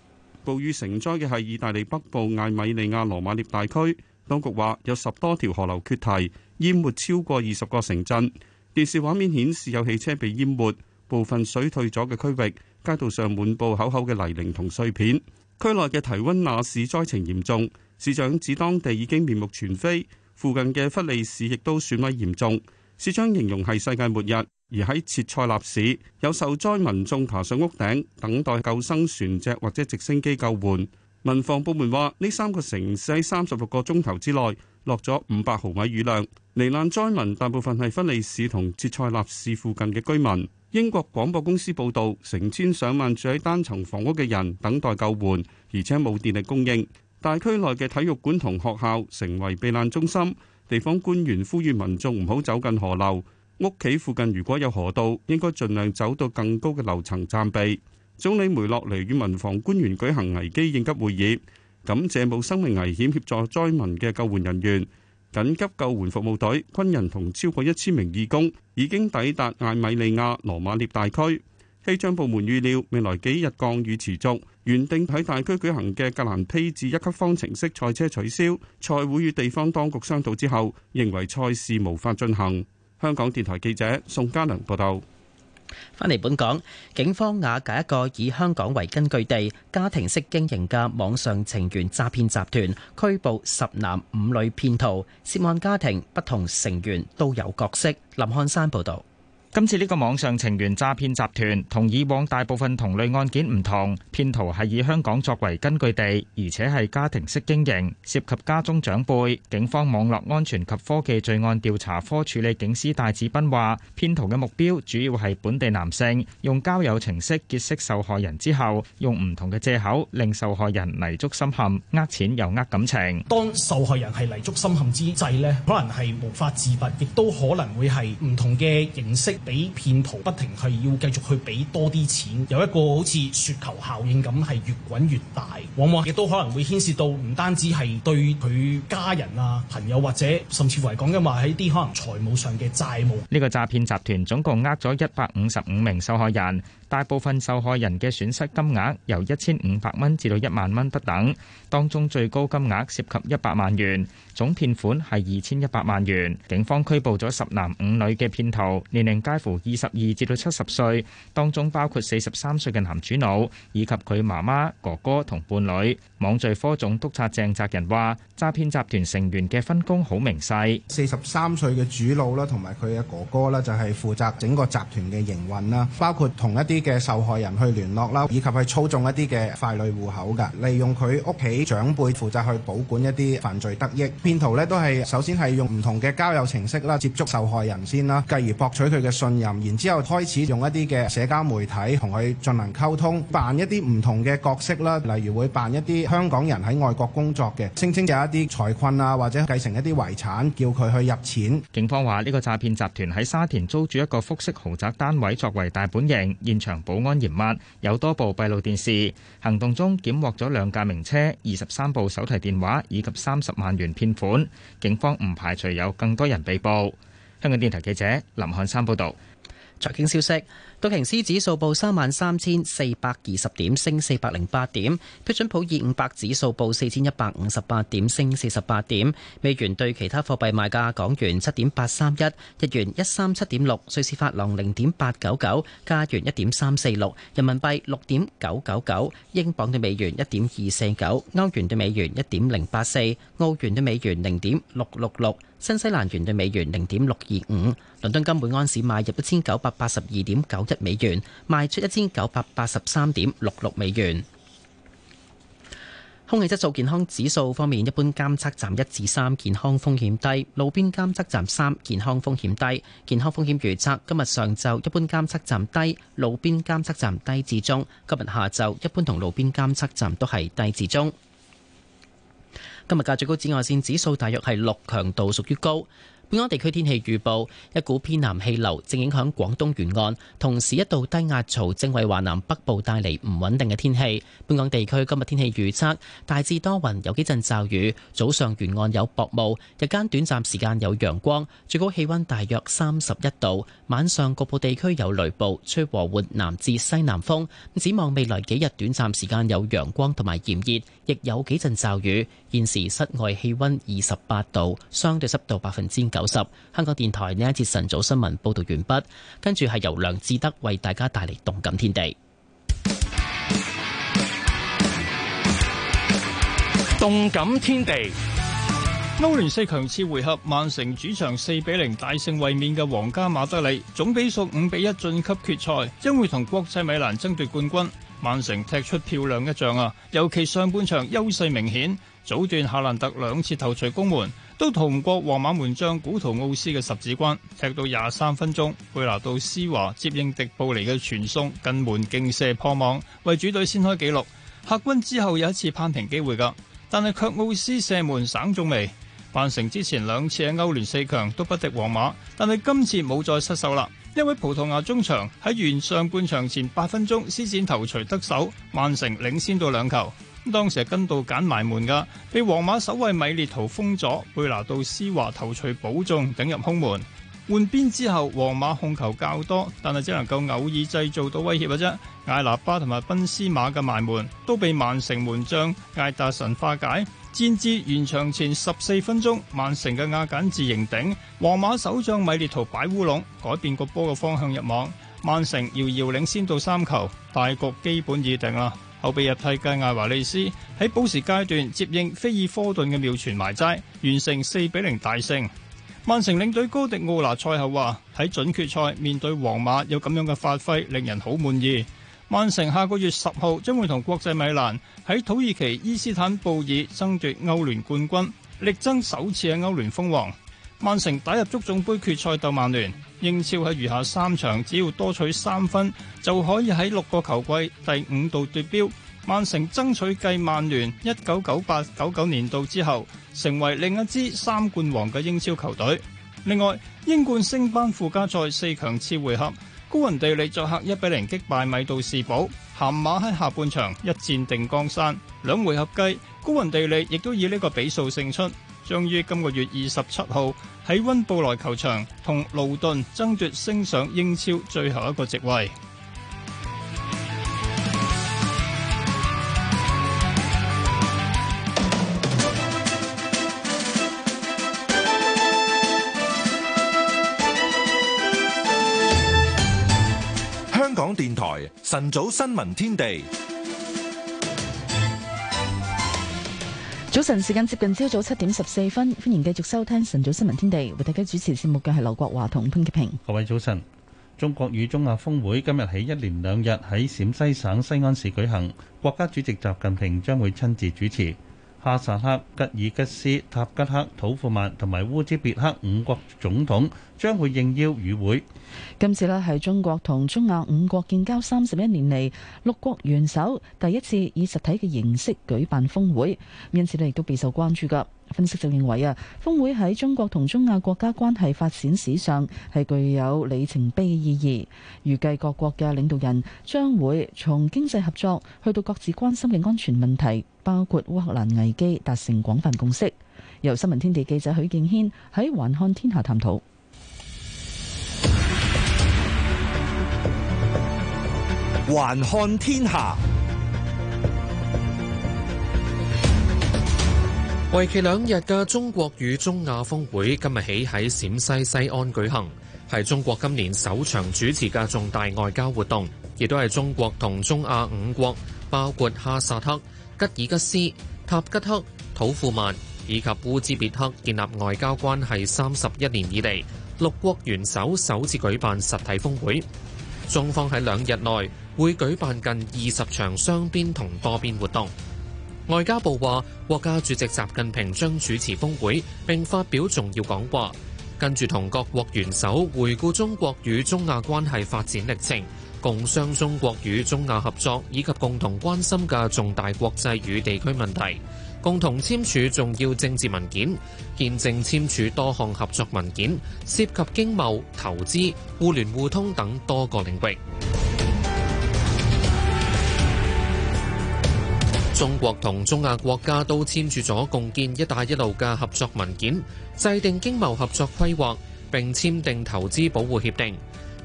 暴雨成災嘅係意大利北部艾米利亞羅馬涅大區，當局話有十多條河流決堤，淹沒超過二十個城鎮。電視畫面顯示有汽車被淹沒，部分水退咗嘅區域，街道上滿布厚厚嘅泥濘同碎片。區內嘅提溫那市災情嚴重，市長指當地已經面目全非，附近嘅弗利市亦都損毀嚴重。市長形容係世界末日。而喺切塞納市，有受災民眾爬上屋頂等待救生船隻或者直升機救援。民防部門話呢三個城市喺三十六個鐘頭之內落咗五百毫米雨量。罹難災民大部分係分離市同切塞納市附近嘅居民。英國廣播公司報道，成千上萬住喺單層房屋嘅人等待救援，而且冇電力供應，大區內嘅體育館同學校成為避難中心。地方官員呼籲民眾唔好走近河流。屋企附近如果有河道，應該盡量走到更高嘅樓層暫避。總理梅洛尼與民防官員舉行危機應急會議，感謝冒生命危險協助災民嘅救援人員。緊急救援服務隊、軍人同超過一千名義工已經抵達艾米利亞羅馬涅大區。氣象部門預料未來幾日降雨持續。原定喺大區舉行嘅格蘭披治一級方程式賽車取消，賽會與地方當局商討之後，認為賽事無法進行。香港電台記者宋嘉良報道，翻嚟本港，警方瓦解一個以香港為根據地、家庭式經營嘅網上情緣詐騙集團，拘捕十男五女騙徒，涉案家庭不同成員都有角色。林漢山報道。今次呢個網上情緣詐騙集團同以往大部分同類案件唔同，騙徒係以香港作為根據地，而且係家庭式經營，涉及家中長輩。警方網絡安全及科技罪案調查科處理警司戴志斌話，騙徒嘅目標主要係本地男性，用交友程式結識受害人之後，用唔同嘅借口令受害人泥足深陷，呃錢又呃感情。當受害人係泥足深陷之際呢，可能係無法自拔，亦都可能會係唔同嘅形式。俾騙徒不停係要繼續去俾多啲錢，有一個好似雪球效應咁，係越滾越大。往往亦都可能會牽涉到唔單止係對佢家人啊、朋友，或者甚至乎講緊話喺啲可能財務上嘅債務。呢個詐騙集團總共呃咗一百五十五名受害人。大部分受害人嘅損失金額由一千五百蚊至到一萬蚊不等，當中最高金額涉及一百萬元，總騙款係二千一百萬元。警方拘捕咗十男五女嘅騙徒，年齡介乎二十二至到七十歲，當中包括四十三歲嘅男主腦以及佢媽媽、哥哥同伴侶。網罪科總督察鄭澤仁話，詐騙集團成員嘅分工好明細，四十三歲嘅主腦啦，同埋佢嘅哥哥啦，就係負責整個集團嘅營運啦，包括同一啲。嘅受害人去聯絡啦，以及去操縱一啲嘅傀儡戶口㗎，利用佢屋企長輩負責去保管一啲犯罪得益。騙徒咧都係首先係用唔同嘅交友程式啦，接觸受害人先啦，繼而博取佢嘅信任，然之後開始用一啲嘅社交媒體同佢進行溝通，扮一啲唔同嘅角色啦，例如會扮一啲香港人喺外國工作嘅，聲稱有一啲財困啊，或者繼承一啲遺產，叫佢去入錢。警方話呢個詐騙集團喺沙田租住一個複式豪宅單位作為大本營，現場，保安嚴密，有多部閉路電視。行動中，檢獲咗兩架名車、二十三部手提電話以及三十萬元騙款。警方唔排除有更多人被捕。香港電台記者林漢山報道。財經消息：道瓊斯指數報三萬三千四百二十點，升四百零八點；標準普爾五百指數報四千一百五十八點，升四十八點。美元對其他貨幣賣價：港元七點八三一，日元一三七點六，瑞士法郎零點八九九，加元一點三四六，人民幣六點九九九，英鎊對美元一點二四九，歐元對美元一點零八四，澳元對美元零點六六六，新西蘭元對美元零點六二五。倫敦金每安士買入一千九百八十二點九一美元，賣出一千九百八十三點六六美元。空氣質素健康指數方面，一般監測站一至三，健康風險低；路邊監測站三，健康風險低。健康風險預測今日上晝一般監測站低，路邊監測站低至中。今日下晝一般同路邊監測站都係低至中。今日嘅最高紫外線指數大約係六，強度屬於高。本港地區天氣預報：一股偏南氣流正影響廣東沿岸，同時一道低壓槽正為華南北部帶嚟唔穩定嘅天氣。本港地區今日天氣預測大致多雲，有幾陣驟雨。早上沿岸有薄霧，日間短暫時間有陽光，最高氣溫大約三十一度。晚上局部地區有雷暴，吹和緩南至西南風。展望未來幾日，短暫時間有陽光同埋炎熱，亦有幾陣驟雨。現時室外氣溫二十八度，相對濕度百分之九十。香港電台呢一節晨早新聞報道完畢，跟住係由梁志德為大家帶嚟動感天地。動感天地，歐聯四強次回合，曼城主場四比零大勝衛冕嘅皇家馬德里，總比數五比一晉級決賽，將會同國際米蘭爭奪冠軍。曼城踢出漂亮一仗啊，尤其上半場優勢明顯。早段夏蘭特兩次頭槌攻門，都逃唔過皇馬門將古圖奧斯嘅十指關。踢到廿三分鐘，貝拿度施華接應迪布尼嘅傳送近門勁射破網，為主隊先開紀錄。客軍之後有一次扳平機會噶，但係卻奧斯射門省中未。曼城之前兩次喺歐聯四強都不敵皇馬，但係今次冇再失手啦。因為葡萄牙中場喺完上半場前八分鐘施展頭槌得手，曼城領先到兩球。當時係跟到簡埋門噶，被皇馬守衛米列圖封咗，貝拿度施華頭錘補中，頂入空門。換邊之後，皇馬控球較多，但係只能夠偶爾製造到威脅嘅啫。艾納巴同埋賓斯馬嘅埋門都被曼城門將艾達臣化解，戰至完場前十四分鐘，曼城嘅亞簡字型頂，皇馬守將米列圖擺烏龍，改變個波嘅方向入網，曼城遙遙領先到三球，大局基本已定啦。後備入替嘅艾華利斯喺補時階段接應菲爾科頓嘅妙傳埋齋，完成四比零大勝。曼城領隊高迪奧拿賽後話：喺準決賽面對皇馬有咁樣嘅發揮，令人好滿意。曼城下個月十號將會同國際米蘭喺土耳其伊斯坦布爾爭奪歐聯冠軍，力爭首次喺歐聯封王。曼城打入足總杯決賽鬥曼聯。英超喺餘下三場，只要多取三分，就可以喺六個球季第五度奪標。曼城爭取繼曼聯一九九八九九年度之後，成為另一支三冠王嘅英超球隊。另外，英冠升班附加賽四強次回合，高雲地利作客一比零擊敗米杜士堡，咸馬喺下半場一戰定江山，兩回合計，高雲地利亦都以呢個比數勝出。將於今個月二十七號喺溫布萊球場同勞頓爭奪升上英超最後一個席位。香港電台晨早新聞天地。早晨，時間接近朝早七點十四分，歡迎繼續收聽晨早新聞天地，為大家主持節目嘅係劉國華同潘潔平。各位早晨，中國與中亞峰會今日起一連兩日喺陝西省西安市舉行，國家主席習近平將會親自主持。哈薩克、吉爾吉斯、塔吉克、土庫曼同埋烏茲別克五國總統將會應邀與會。今次咧係中國同中亞五國建交三十一年嚟，六國元首第一次以實體嘅形式舉辦峰會，因此咧亦都備受關注㗎。分析就認為啊，峰會喺中國同中亞國家關係發展史上係具有里程碑意義。預計各國嘅領導人將會從經濟合作去到各自關心嘅安全問題，包括烏克蘭危機達成廣泛共識。由新聞天地記者許敬軒喺《環看天下》探討《環看天下》。為期兩日嘅中國與中亞峰會今日起喺陝西西安舉行，係中國今年首場主持嘅重大外交活動，亦都係中國同中亞五國，包括哈薩克、吉爾吉斯、塔吉克、土庫曼以及烏茲別克建立外交關係三十一年以嚟，六國元首首次舉辦實體峰會。中方喺兩日內會舉辦近二十場雙邊同多邊活動。外交部話，國家主席習近平將主持峰會，並發表重要講話，跟住同各國元首回顧中國與中亞關係發展歷程，共商中國與中亞合作以及共同關心嘅重大國際與地區問題，共同簽署重要政治文件，見證簽署多項合作文件，涉及經貿、投資、互聯互通等多個領域。中國同中亞國家都簽署咗共建“一帶一路”嘅合作文件，制定經貿合作規劃，並簽訂投資保護協定。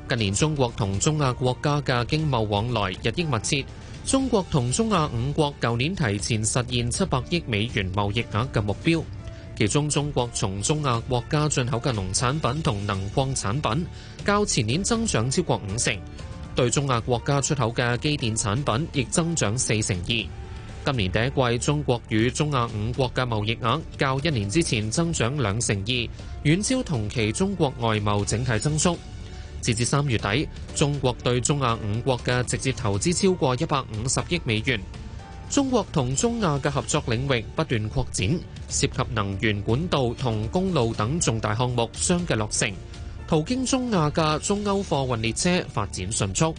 近年，中國同中亞國家嘅經貿往來日益密切。中國同中亞五國舊年提前實現七百億美元貿易額嘅目標，其中中國從中亞國家進口嘅農產品同能礦產品較前年增長超過五成，對中亞國家出口嘅機電產品亦增長四成二。今年第一季，中國與中亞五國嘅貿易額較一年之前增長兩成二，遠超同期中國外貿整體增速。截至三月底，中國對中亞五國嘅直接投資超過一百五十億美元。中國同中亞嘅合作領域不斷擴展，涉及能源管道同公路等重大項目相繼落成。途經中亞嘅中歐貨運列車發展迅速。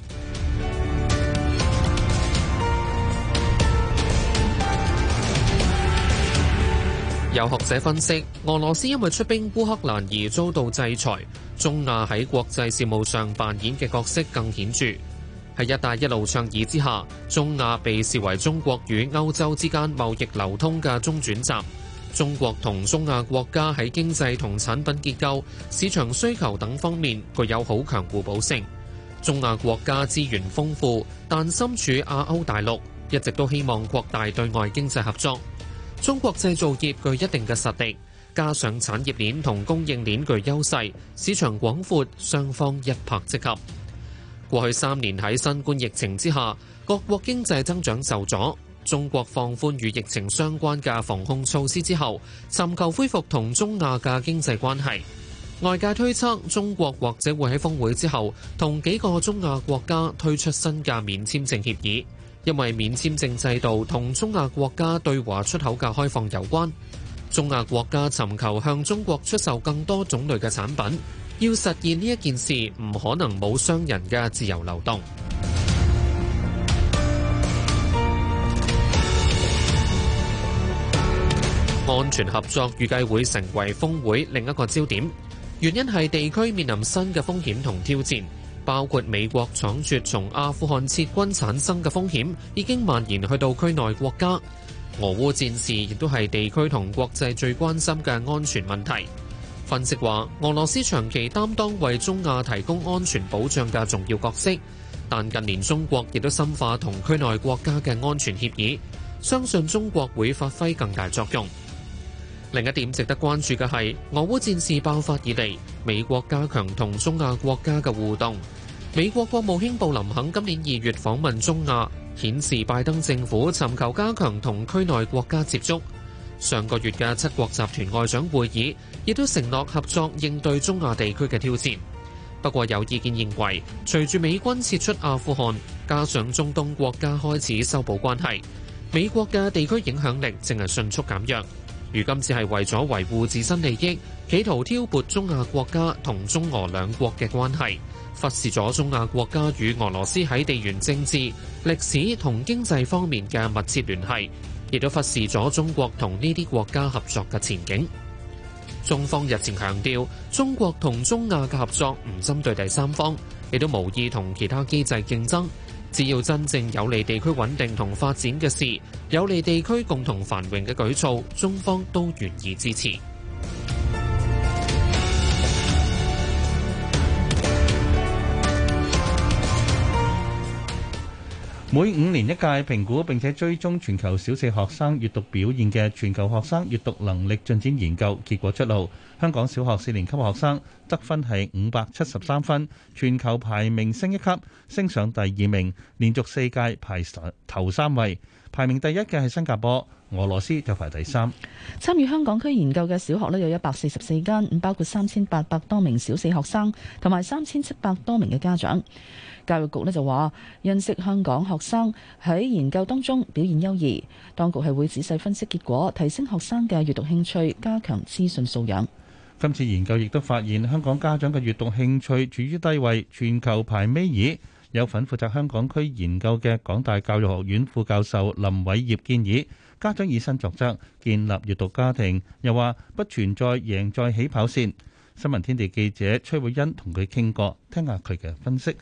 有學者分析，俄羅斯因為出兵烏克蘭而遭到制裁，中亞喺國際事務上扮演嘅角色更顯著。喺「一帶一路」倡議之下，中亞被視為中國與歐洲之間貿易流通嘅中轉站。中國同中亞國家喺經濟同產品結構、市場需求等方面具有好強互補性。中亞國家資源豐富，但身處亞歐大陸，一直都希望擴大對外經濟合作。中國製造業具一定嘅實力，加上產業鏈同供應鏈具優勢，市場廣闊，雙方一拍即合。過去三年喺新冠疫情之下，各國經濟增長受阻。中國放寬與疫情相關嘅防控措施之後，尋求恢復同中亞嘅經濟關係。外界推測，中國或者會喺峰會之後，同幾個中亞國家推出新嘅免簽證協議。因為免簽證制度同中亞國家對華出口嘅開放有關，中亞國家尋求向中國出售更多種類嘅產品，要實現呢一件事唔可能冇商人嘅自由流動。安全合作預計會成為峰會另一個焦點，原因係地區面臨新嘅風險同挑戰。包括美國倉卒從阿富汗撤軍產生嘅風險，已經蔓延去到區內國家。俄烏戰事亦都係地區同國際最關心嘅安全問題。分析話，俄羅斯長期擔當為中亞提供安全保障嘅重要角色，但近年中國亦都深化同區內國家嘅安全協議，相信中國會發揮更大作用。另一點值得關注嘅係，俄烏戰事爆發以嚟，美國加強同中亞國家嘅互動。美國國務卿布林肯今年二月訪問中亞，顯示拜登政府尋求加強同區內國家接觸。上個月嘅七國集團外長會議亦都承諾合作應對中亞地區嘅挑戰。不過，有意見認為，隨住美軍撤出阿富汗，加上中東國家開始修補關係，美國嘅地區影響力正係迅速減弱。如今只係為咗維護自身利益，企圖挑撥中亞國家同中俄兩國嘅關係，忽視咗中亞國家與俄羅斯喺地緣政治、歷史同經濟方面嘅密切聯繫，亦都忽視咗中國同呢啲國家合作嘅前景。中方日前強調，中國同中亞嘅合作唔針對第三方，亦都無意同其他機制競爭。只要真正有利地區穩定同發展嘅事，有利地區共同繁榮嘅舉措，中方都願意支持。每五年一屆評估並且追蹤全球小四學生閱讀表現嘅《全球學生閱讀能力進展研究》結果出爐。香港小學四年級學生得分係五百七十三分，全球排名升一級，升上第二名，連續四屆排頭三位。排名第一嘅係新加坡，俄羅斯就排第三。參與香港區研究嘅小學呢，有一百四十四間，包括三千八百多名小四學生同埋三千七百多名嘅家長。教育局呢就話，認識香港學生喺研究當中表現優異，當局係會仔細分析結果，提升學生嘅閱讀興趣，加強資訊素養。今次研究亦都發現，香港家長嘅閱讀興趣處於低位，全球排尾二。有份負責香港區研究嘅港大教育學院副教授林偉業建議，家長以身作則，建立閱讀家庭。又話不存在贏在起跑線。新聞天地記者崔惠欣同佢傾過，聽下佢嘅分析。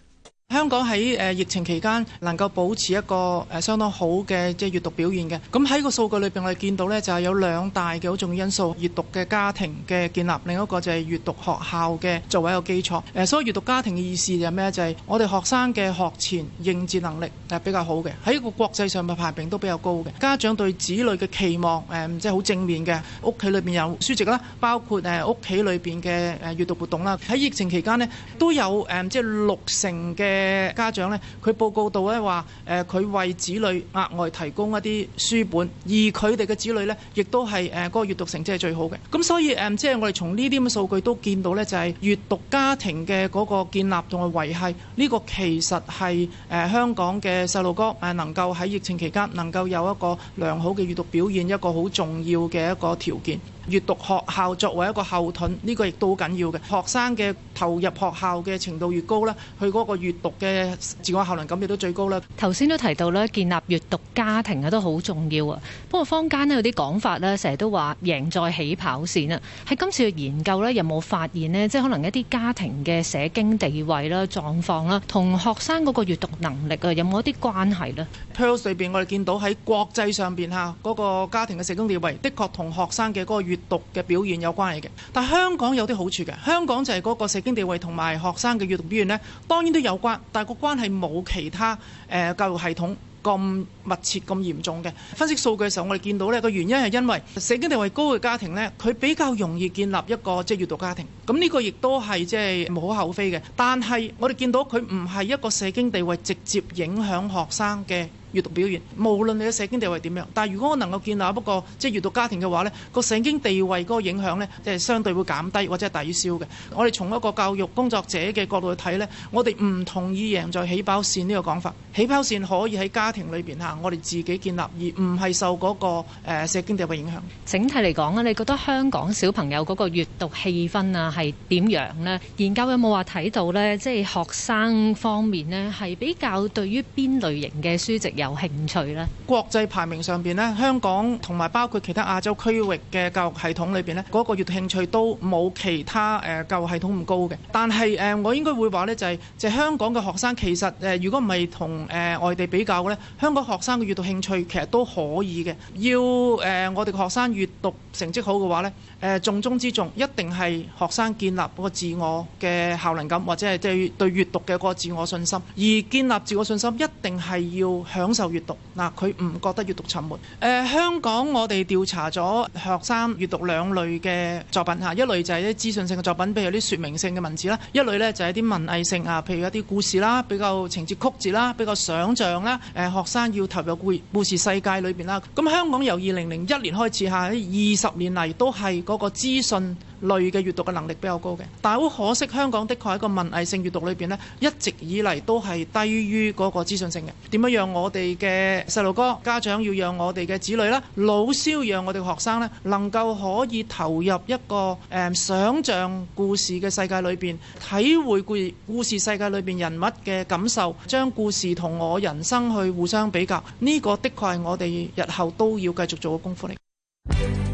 香港喺誒疫情期間能夠保持一個誒相當好嘅即係閱讀表現嘅，咁喺個數據裏邊我哋見到咧就係有兩大嘅好重要因素，閱讀嘅家庭嘅建立，另一個就係閱讀學校嘅作為一個基礎。誒、呃，所以閱讀家庭嘅意思就係咩咧？就係、是、我哋學生嘅學前認知能力係比較好嘅，喺個國際上嘅排名都比較高嘅。家長對子女嘅期望誒、呃、即係好正面嘅，屋企裏邊有書籍啦，包括誒屋企裏邊嘅誒閱讀活動啦。喺、呃、疫情期間咧都有誒、呃、即係六成嘅。嘅家長呢，佢報告到呢話，誒佢、呃、為子女額外提供一啲書本，而佢哋嘅子女呢，亦都係誒、呃嗰個閱讀成績係最好嘅。咁所以誒，即、呃、係我哋從呢啲咁嘅數據都見到呢，就係、是、閱讀家庭嘅嗰個建立同埋維繫。呢、這個其實係誒、呃、香港嘅細路哥誒能夠喺疫情期間能夠有一個良好嘅閱讀表現一個好重要嘅一個條件。閱讀學校作為一個後盾，呢、這個亦都好緊要嘅。學生嘅投入學校嘅程度越高呢，佢嗰個閱讀嘅自我效能感亦都最高啦。頭先都提到咧，建立閱讀家庭啊都好重要啊。不過坊間咧有啲講法咧，成日都話贏在起跑線啊。喺今次嘅研究咧，有冇發現咧，即係可能一啲家庭嘅社經地位啦、狀況啦，同學生嗰個閱讀能力啊，有冇一啲關係咧？PIRLS 裏邊我哋見到喺國際上邊嚇嗰個家庭嘅社經地位，的確同學生嘅嗰個閱讀嘅表現有關係嘅。但係香港有啲好處嘅，香港就係嗰個社經地位同埋學生嘅閱讀表現咧，當然都有關。但係個關係冇其他誒、呃、教育系統咁密切，咁嚴重嘅。分析數據嘅時候，我哋見到呢個原因係因為社經地位高嘅家庭呢，佢比較容易建立一個即係閱讀家庭，咁、嗯、呢、這個亦都係即係無可厚非嘅。但係我哋見到佢唔係一個社經地位直接影響學生嘅。閱讀表現，無論你嘅社經地位點樣，但係如果我能夠建立一個即係、就是、閱讀家庭嘅話，呢個社經地位嗰個影響即係相對會減低或者係抵消嘅。我哋從一個教育工作者嘅角度去睇呢，我哋唔同意贏在起跑線呢個講法。起跑線可以喺家庭裏邊嚇，我哋自己建立，而唔係受嗰、那個、呃、社經地位影響。整體嚟講啊，你覺得香港小朋友嗰個閱讀氣氛啊係點樣呢？研究有冇話睇到呢？即係學生方面呢，係比較對於邊類型嘅書籍有？有興趣啦。國際排名上邊呢，香港同埋包括其他亞洲區域嘅教育系統裏邊呢，嗰個閱讀興趣都冇其他誒、呃、教育系統咁高嘅。但係誒、呃，我應該會話呢，就係、是、即、就是、香港嘅學生，其實誒、呃，如果唔係同誒外地比較呢，香港學生嘅閱讀興趣其實都可以嘅。要誒、呃、我哋學生閱讀成績好嘅話呢，誒、呃、重中之重一定係學生建立個自我嘅效能感，或者係即係對閱讀嘅嗰個自我信心。而建立自我信心，一定係要響。受閱讀嗱，佢唔覺得閱讀沉悶。誒、呃，香港我哋調查咗學生閱讀兩類嘅作品吓，一類就係啲資訊性嘅作品，譬如啲說明性嘅文字啦，一類呢，就係啲文藝性啊，譬如一啲故事啦，比較情節曲折啦，比較想象啦。誒、呃，學生要投入故故事世界裏邊啦。咁、嗯、香港由二零零一年開始吓，喺二十年嚟都係嗰個資訊。類嘅閱讀嘅能力比較高嘅，但係好可惜，香港的確喺個文藝性閱讀裏邊呢，一直以嚟都係低於嗰個資訊性嘅。點樣讓我哋嘅細路哥，家長要讓我哋嘅子女呢，老師要讓我哋學生呢，能夠可以投入一個誒想像故事嘅世界裏邊，體會故故事世界裏邊人物嘅感受，將故事同我人生去互相比較，呢個的確係我哋日後都要繼續做嘅功夫嚟。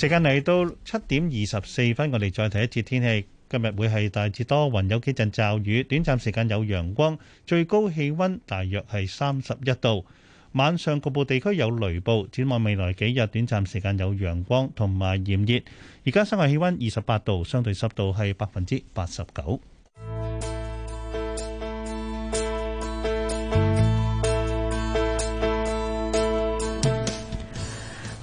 時間嚟到七點二十四分，我哋再睇一次天氣。今日會係大致多雲，雲有幾陣驟雨，短暫時間有陽光，最高氣溫大約係三十一度。晚上局部地區有雷暴。展望未來幾日，短暫時間有陽光同埋炎熱。而家室外氣溫二十八度，相對濕度係百分之八十九。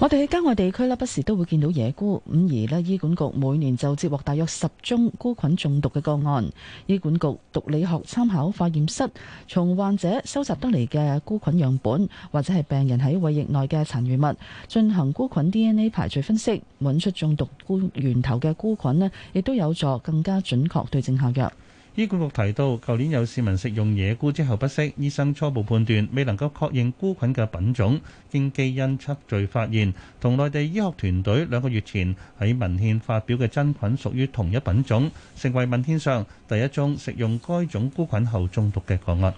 我哋喺郊外地區咧，不時都會見到野菇。咁而呢，醫管局每年就接獲大約十宗菇菌中毒嘅個案。醫管局毒理學參考化驗室從患者收集得嚟嘅菇菌樣本，或者係病人喺胃液內嘅殘餘物，進行菇菌 DNA 排序分析，揾出中毒菇源頭嘅菇菌呢，亦都有助更加準確對症下藥。醫管局提到，舊年有市民食用野菇之後不適，醫生初步判斷未能夠確認菇菌嘅品種。經基因測序發現，同內地醫學團隊兩個月前喺文獻發表嘅真菌屬於同一品種，成為文獻上第一宗食用該種菇菌後中毒嘅個案。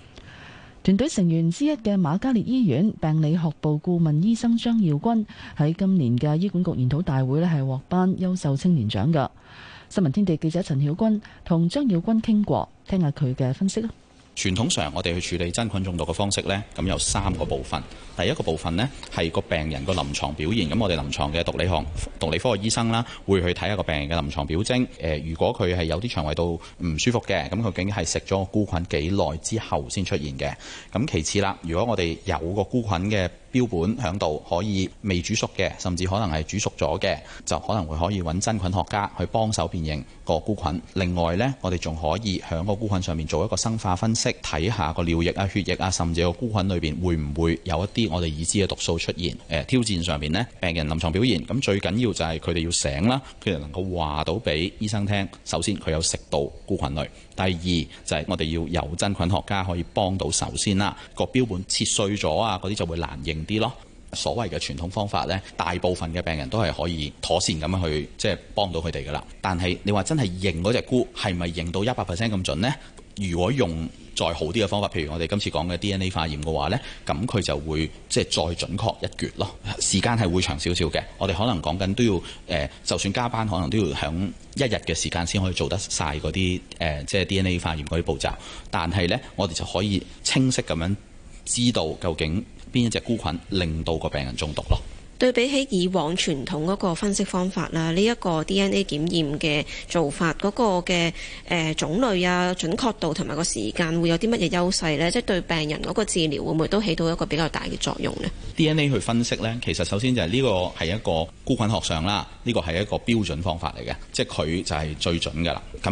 團隊成員之一嘅瑪嘉烈醫院病理學部顧問醫生張耀君喺今年嘅醫管局研討大會咧，係獲頒優秀青年獎㗎。新聞天地記者陳曉君同張曉君傾過，聽下佢嘅分析啦。傳統上，我哋去處理真菌中毒嘅方式呢，咁有三個部分。第一個部分呢，係個病人個臨床表現。咁我哋臨床嘅毒理學毒理科醫生啦，會去睇一個病人嘅臨床表徵。誒，如果佢係有啲腸胃道唔舒服嘅，咁佢究竟係食咗個菇菌幾耐之後先出現嘅？咁其次啦，如果我哋有個菇菌嘅。.標本喺度可以未煮熟嘅，甚至可能係煮熟咗嘅，就可能會可以揾真菌學家去幫手辨認個菇菌。另外呢，我哋仲可以喺個菇菌上面做一個生化分析，睇下個尿液啊、血液啊，甚至個菇菌裏邊會唔會有一啲我哋已知嘅毒素出現。誒、呃、挑戰上面呢，病人臨床表現，咁最緊要就係佢哋要醒啦，佢哋能夠話到俾醫生聽。首先佢有食到菇菌類。第二就係、是、我哋要有真菌學家可以幫到首先啦，個標本切碎咗啊，嗰啲就會難認啲咯。所謂嘅傳統方法呢，大部分嘅病人都係可以妥善咁樣去即係、就是、幫到佢哋噶啦。但係你話真係認嗰隻菇係咪認到一百 percent 咁準呢？如果用再好啲嘅方法，譬如我哋今次講嘅 DNA 化驗嘅話，呢咁佢就會即係再準確一橛咯。時間係會長少少嘅，我哋可能講緊都要誒、呃、就算加班可能都要響一日嘅時間先可以做得晒嗰啲誒即係 DNA 化驗嗰啲步驟，但係呢，我哋就可以清晰咁樣知道究竟邊一隻菇菌令到個病人中毒咯。對比起以往傳統嗰個分析方法啦，呢、這、一個 DNA 檢驗嘅做法嗰、那個嘅誒、呃、種類啊、準確度同埋個時間會有啲乜嘢優勢呢？即、就、係、是、對病人嗰個治療會唔會都起到一個比較大嘅作用呢？DNA 去分析呢，其實首先就係、是、呢、這個係一個菇菌學上啦，呢、這個係一個標準方法嚟嘅，即係佢就係最準㗎啦。咁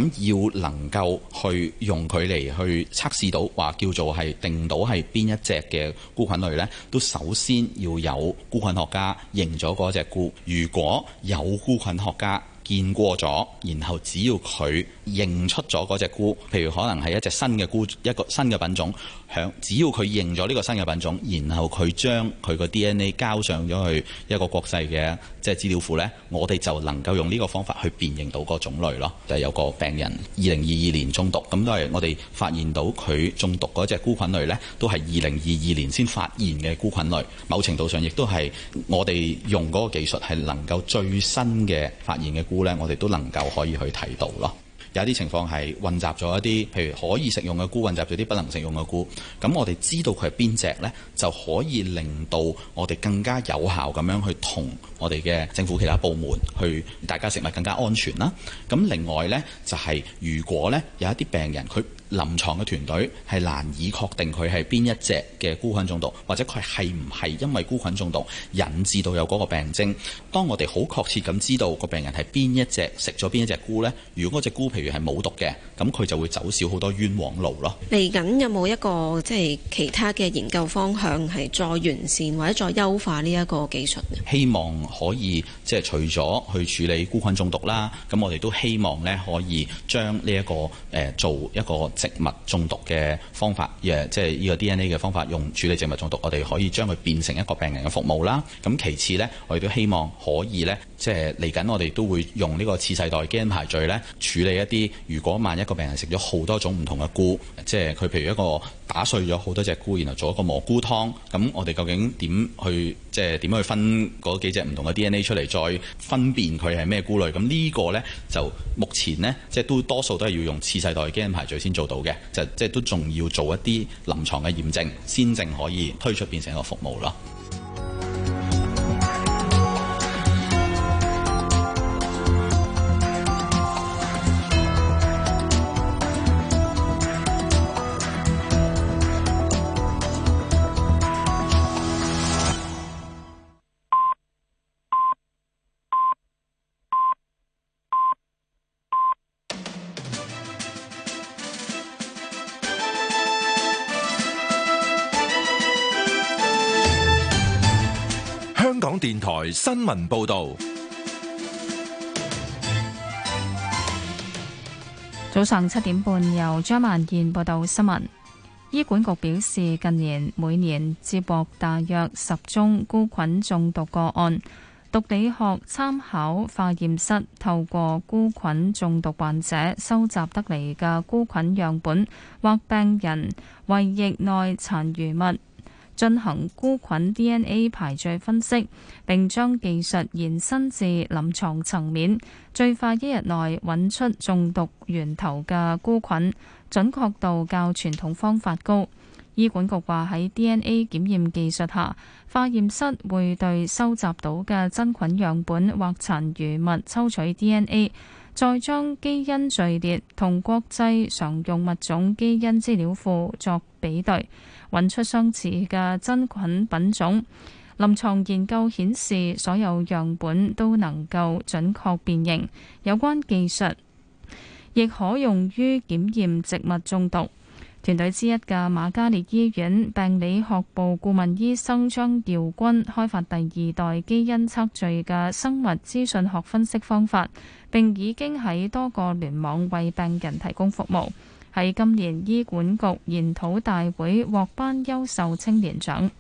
要能夠去用佢嚟去測試到話叫做係定到係邊一隻嘅菇菌類咧，都首先要有菇菌學家。認咗嗰隻菇，如果有菇菌學家見過咗，然後只要佢。認出咗嗰隻菇，譬如可能係一隻新嘅菇，一個新嘅品種。響只要佢認咗呢個新嘅品種，然後佢將佢個 DNA 交上咗去一個國際嘅即係資料庫呢，我哋就能夠用呢個方法去辨認到個種類咯。就係有個病人二零二二年中毒，咁都係我哋發現到佢中毒嗰隻菇菌類呢，都係二零二二年先發現嘅菇菌類。某程度上，亦都係我哋用嗰個技術係能夠最新嘅發現嘅菇呢，我哋都能夠可以去睇到咯。有啲情況係混雜咗一啲，譬如可以食用嘅菇，混雜咗啲不能食用嘅菇。咁我哋知道佢係邊隻呢，就可以令到我哋更加有效咁樣去同。我哋嘅政府其他部門去，大家食物更加安全啦。咁另外呢，就係如果呢有一啲病人，佢臨床嘅團隊係難以確定佢係邊一隻嘅菇菌中毒，或者佢係唔係因為菇菌中毒引致到有嗰個病徵。當我哋好確切咁知道個病人係邊一隻食咗邊一隻菇呢，如果隻菇譬如係冇毒嘅，咁佢就會走少好多冤枉路咯。嚟緊有冇一個即係其他嘅研究方向係再完善或者再優化呢一個技術？希望。可以即係除咗去處理菇菌中毒啦，咁我哋都希望呢，可以將呢一個誒、呃、做一個植物中毒嘅方法，誒，即係呢個 DNA 嘅方法用處理植物中毒，我哋可以將佢變成一個病人嘅服務啦。咁其次呢，我哋都希望可以呢，即係嚟緊我哋都會用呢個次世代基因排序呢處理一啲，如果萬一個病人食咗好多種唔同嘅菇，即係佢譬如一個。打碎咗好多隻菇，然後做一個蘑菇湯。咁我哋究竟點去，即係點樣去分嗰幾隻唔同嘅 DNA 出嚟，再分辨佢係咩菇類？咁呢個呢，就目前呢，即係都多數都係要用次世代基因排序先做到嘅，就即係都仲要做一啲臨床嘅驗證，先正可以推出變成一個服務咯。台新聞報道，早上七點半由張萬燕報道新聞。醫管局表示，近年每年接獲大約十宗菇菌中毒個案。毒理學參考化驗室透過菇菌中毒患者收集得嚟嘅菇菌樣本或病人胃液內殘餘物。進行菇菌 DNA 排序分析，並將技術延伸至臨床層面，最快一日內揾出中毒源頭嘅菇菌，準確度較傳統方法高。醫管局話喺 DNA 檢驗技術下，化驗室會對收集到嘅真菌樣本或殘餘物抽取 DNA，再將基因序列同國際常用物種基因資料庫作比對。揾出相似嘅真菌品種。臨床研究顯示，所有樣本都能夠準確辨認，有關技術亦可用於檢驗植物中毒。團隊之一嘅瑪嘉烈醫院病理學部顧問醫生張調軍開發第二代基因測序嘅生物資訊學分析方法，並已經喺多個聯網為病人提供服務。喺今年醫管局研討大會獲頒優秀青年獎。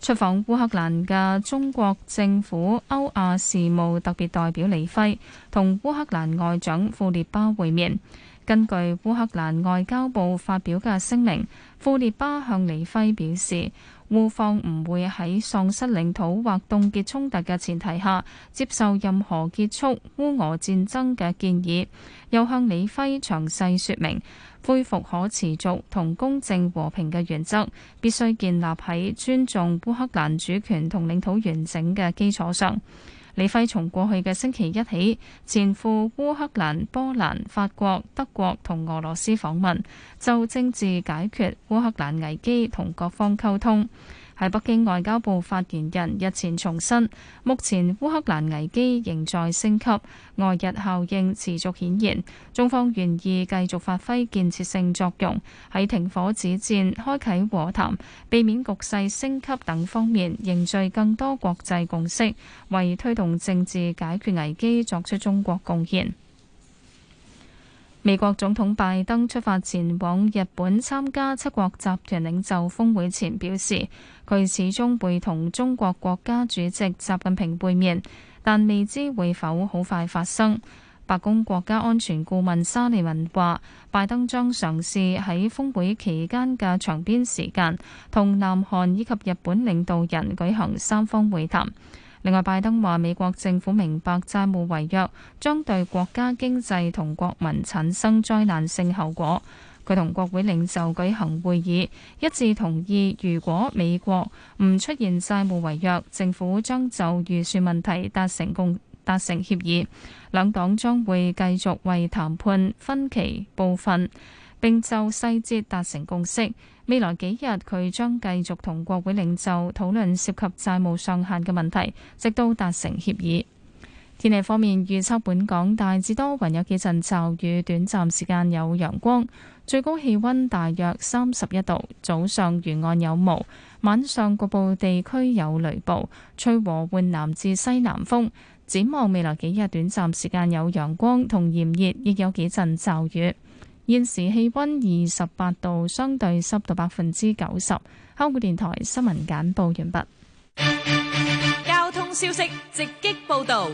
出訪烏克蘭嘅中國政府歐亞事務特別代表李輝同烏克蘭外長庫列巴會面。根據烏克蘭外交部發表嘅聲明，庫列巴向李輝表示，烏方唔會喺喪失領土或凍結衝突嘅前提下接受任何結束烏俄戰爭嘅建議，又向李輝詳細說明，恢復可持續同公正和平嘅原則必須建立喺尊重烏克蘭主權同領土完整嘅基礎上。李輝從過去嘅星期一起，前赴烏克蘭、波蘭、法國、德國同俄羅斯訪問，就政治解決烏克蘭危機同各方溝通。喺北京外交部發言人日前重申，目前烏克蘭危機仍在升級，外溢效應持續顯現。中方願意繼續發揮建設性作用，喺停火止戰、開啟和談、避免局勢升級等方面凝聚更多國際共識，為推動政治解決危機作出中國貢獻。美國總統拜登出發前往日本參加七國集團領袖峰會前表示，佢始終會同中國國家主席習近平會面，但未知會否好快發生。白宮國家安全顧問沙利文話，拜登將嘗試喺峰會期間嘅場邊時間同南韓以及日本領導人舉行三方會談。另外，拜登話美國政府明白債務違約將對國家經濟同國民產生災難性後果。佢同國會領袖舉行會議，一致同意如果美國唔出現債務違約，政府將就預算問題達成共達成協議，兩黨將會繼續為談判分歧部分並就細節達成共識。未來幾日佢將繼續同國會領袖討論涉及債務上限嘅問題，直到達成協議。天氣方面預測，本港大致多雲，有幾陣驟雨，短暫時間有陽光，最高氣溫大約三十一度。早上沿岸有霧，晚上局部地區有雷暴，吹和緩南至西南風。展望未來幾日，短暫時間有陽光同炎熱，亦有幾陣驟雨。現時氣溫二十八度，相對濕度百分之九十。香港電台新聞簡報完畢。交通消息直擊報導。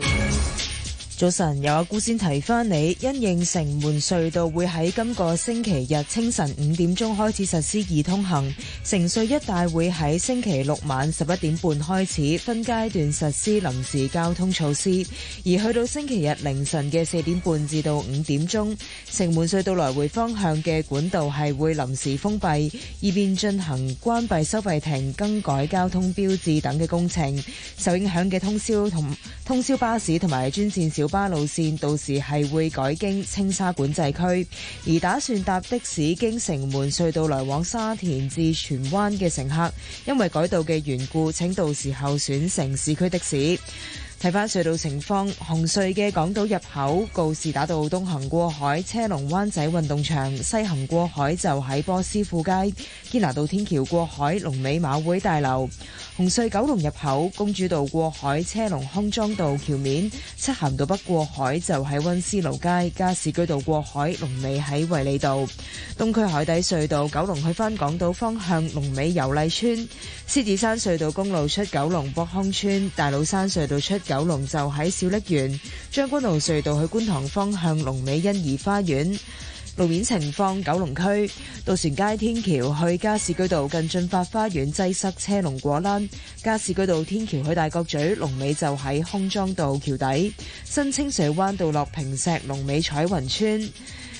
早晨，有阿姑先提翻你，因應城門隧道會喺今個星期日清晨五點鐘開始實施易通行，城隧一帶會喺星期六晚十一點半開始分階段實施臨時交通措施，而去到星期日凌晨嘅四點半至到五點鐘，城門隧道來回方向嘅管道係會臨時封閉，以便進行關閉收費亭、更改交通標誌等嘅工程。受影響嘅通宵同通宵巴士同埋專線小。巴路線到時係會改經青沙管制區，而打算搭的士經城門隧道來往沙田至荃灣嘅乘客，因為改道嘅緣故，請到時候選乘市區的士。睇返隧道情況，紅隧嘅港島入口告士打道東行過海，車龍灣仔運動場西行過海就喺波斯富街堅拿道天橋過海，龍尾馬會大樓。紅隧九龍入口公主道過海車龍，康莊道橋面七行道北過海就喺溫思勞街，加士居道過海龍尾喺維理道。東區海底隧道九龍去返港島方向龍尾尤麗村，獅子山隧道公路出九龍博康村，大老山隧道出九龍就喺小瀝源，將軍澳隧道去觀塘方向龍尾欣怡花園。路面情況，九龍區渡船街天橋去加士居道近駿發花園擠塞車龍，果欄，加士居道天橋去大角咀龍尾就喺康莊道橋底，新清水灣道落坪石龍尾彩雲村。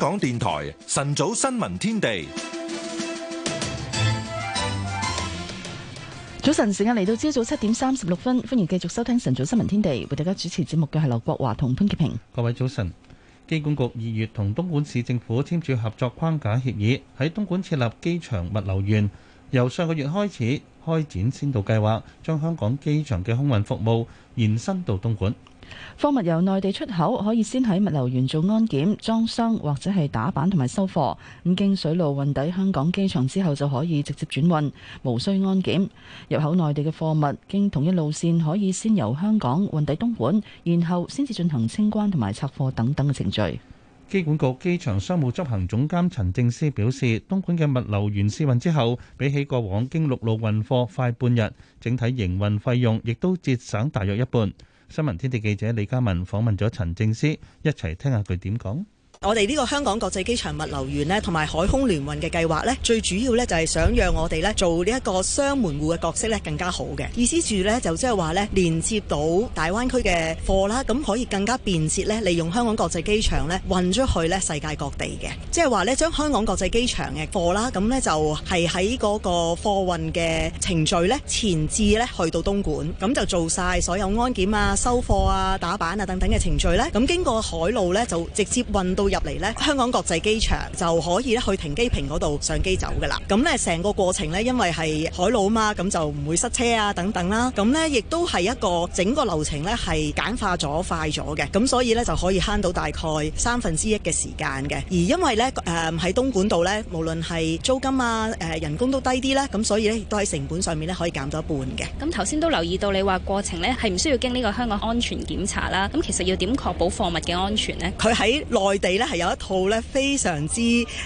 香港電台晨早新聞天地，早晨時間嚟到朝早七點三十六分，歡迎繼續收聽晨早新聞天地，為大家主持節目嘅係劉國華同潘潔平。各位早晨，機管局二月同東莞市政府簽署合作框架協議，喺東莞設立機場物流園，由上個月開始開展先導計劃，將香港機場嘅空運服務延伸到東莞。貨物由內地出口，可以先喺物流園做安檢、裝箱或者係打板同埋收貨。咁經水路運抵香港機場之後，就可以直接轉運，無需安檢。入口內地嘅貨物，經同一路線可以先由香港運抵東莞，然後先至進行清關同埋拆貨等等嘅程序。機管局機場商務執行總監陳正思表示，東莞嘅物流園試運之後，比起過往經陸路運貨快半日，整體營運費用亦都節省大約一半。新聞天地記者李家文訪問咗陳正思，一齊聽下佢點講。我哋呢個香港國際機場物流園呢，同埋海空聯運嘅計劃呢，最主要呢就係想讓我哋呢做呢一個雙門戶嘅角色呢，更加好嘅。意思住呢就即係話呢，連接到大灣區嘅貨啦，咁可以更加便捷呢，利用香港國際機場呢運出去呢世界各地嘅。即係話呢，將香港國際機場嘅貨啦，咁呢就係喺嗰個貨運嘅程序呢，前置呢去到東莞，咁就做晒所有安檢啊、收貨啊、打板啊等等嘅程序呢。咁經過海路呢，就直接運到。入嚟咧，香港國際機場就可以去停機坪嗰度上機走㗎喇。咁咧成個過程咧，因為係海路啊嘛，咁就唔會塞車啊等等啦。咁咧亦都係一個整個流程咧係簡化咗、快咗嘅。咁所以咧就可以慳到大概三分之一嘅時間嘅。而因為咧誒喺東莞度咧，無論係租金啊、誒、呃、人工都低啲咧，咁所以咧亦都喺成本上面咧可以減到一半嘅。咁頭先都留意到你話過程咧係唔需要經呢個香港安全檢查啦。咁其實要點確保貨物嘅安全咧？佢喺內地。係有一套咧非常之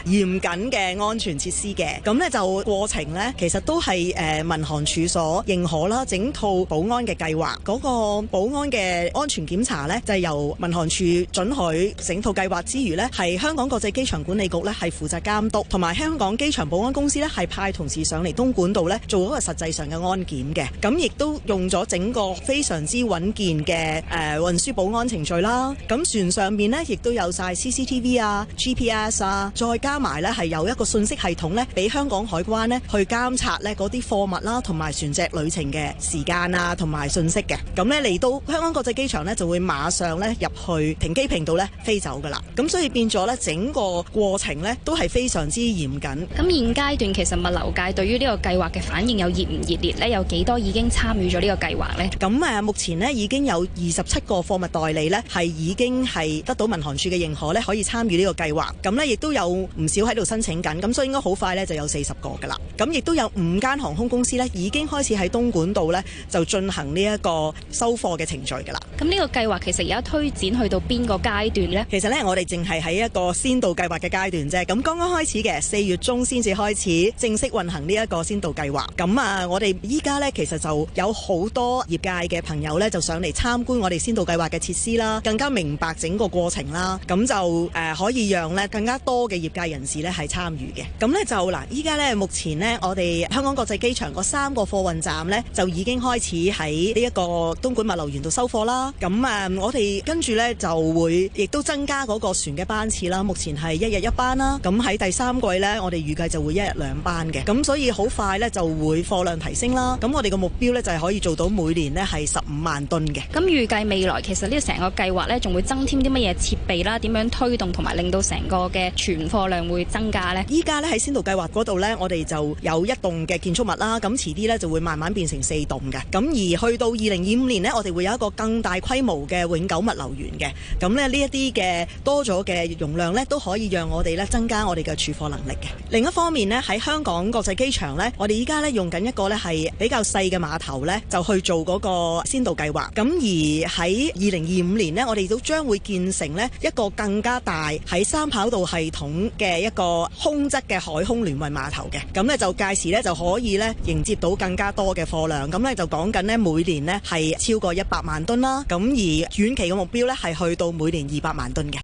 嚴謹嘅安全設施嘅，咁咧就過程咧其實都係誒、呃、民航處所認可啦，整套保安嘅計劃，嗰個保安嘅安全檢查咧就係、是、由民航處准許整套計劃之餘咧，係香港國際機場管理局咧係負責監督，同埋香港機場保安公司咧係派同事上嚟東莞度咧做一個實際上嘅安檢嘅，咁亦都用咗整個非常之穩健嘅誒運輸保安程序啦。咁船上面咧亦都有晒。C T.V. 啊，G.P.S. 啊，再加埋呢，係有一個信息系統呢，俾香港海關呢去監察呢嗰啲貨物啦、啊，同埋船隻旅程嘅時間啊，同埋信息嘅。咁呢，嚟到香港國際機場呢，就會馬上呢入去停機坪度呢飛走噶啦。咁所以變咗呢，整個過程呢都係非常之嚴謹。咁現階段其實物流界對於呢個計劃嘅反應有熱唔熱烈呢？有幾多已經參與咗呢個計劃呢？咁啊，目前呢，已經有二十七個貨物代理呢，係已經係得到民航處嘅認可咧，可可以參與呢個計劃，咁咧亦都有唔少喺度申請緊，咁所以應該好快咧就有四十個㗎喇。咁亦都有五間航空公司咧已經開始喺東莞度咧就進行呢一個收貨嘅程序㗎喇。咁呢個計劃其實而家推展去到邊個階段呢？其實咧我哋淨係喺一個先導計劃嘅階段啫。咁剛剛開始嘅四月中先至開始正式運行呢一個先導計劃。咁啊，我哋依家咧其實就有好多業界嘅朋友咧就上嚟參觀我哋先導計劃嘅設施啦，更加明白整個過程啦。咁就。誒、呃，可以讓咧更加多嘅業界人士咧係參與嘅。咁咧、嗯、就嗱，依家咧目前呢，我哋香港國際機場嗰三個貨運站咧就已經開始喺呢一個東莞物流園度收貨啦。咁、嗯、啊，我哋跟住咧就會亦都增加嗰個船嘅班次啦。目前係一日一班啦。咁、嗯、喺第三季咧，我哋預計就會一日兩班嘅。咁、嗯、所以好快咧就會貨量提升啦。咁、嗯、我哋嘅目標咧就係、是、可以做到每年咧係十五萬噸嘅。咁預計未來其實呢個成個計劃咧仲會增添啲乜嘢設備啦？點樣推動同埋令到成個嘅存貨量會增加呢。依家咧喺先導計劃嗰度呢，我哋就有一棟嘅建築物啦。咁遲啲呢，就會慢慢變成四棟嘅。咁而去到二零二五年呢，我哋會有一個更大規模嘅永久物流園嘅。咁咧呢一啲嘅多咗嘅容量呢，都可以讓我哋呢增加我哋嘅儲貨能力嘅。另一方面呢，喺香港國際機場呢，我哋依家呢用緊一個呢係比較細嘅碼頭呢，就去做嗰個先導計劃。咁而喺二零二五年呢，我哋都將會建成呢一個更加大喺三跑道系統嘅一個空質嘅海空聯運碼頭嘅，咁咧就屆時咧就可以咧迎接到更加多嘅貨量，咁咧就講緊咧每年咧係超過一百萬噸啦，咁而遠期嘅目標咧係去到每年二百萬噸嘅。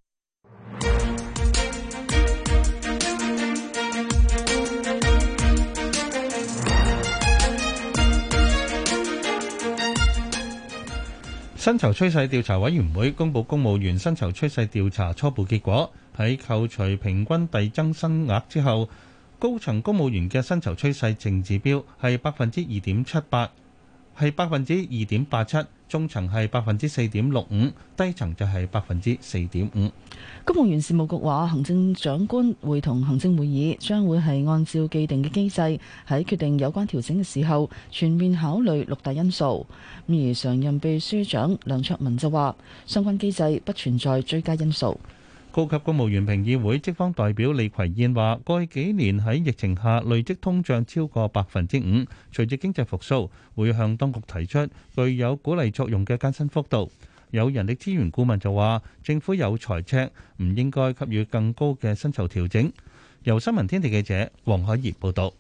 薪酬趨勢調查委員會公布公務員薪酬趨勢調查初步結果，喺扣除平均遞增薪額之後，高層公務員嘅薪酬趨勢淨指標係百分之二點七八，係百分之二點八七。中層係百分之四點六五，低層就係百分之四點五。公務員事務局話，行政長官會同行政會議將會係按照既定嘅機制，喺決定有關調整嘅時候，全面考慮六大因素。而常任秘書長梁卓文就話，相關機制不存在追加因素。高級公務員評議會職方代表李葵燕話，過去幾年喺疫情下累積通脹超過百分之五，隨住經濟復蘇，會向當局提出具有鼓勵作用嘅加薪幅度。有人力資源顧問就話，政府有財赤，唔應該給予更高嘅薪酬調整。由新聞天地記者黃海怡報道。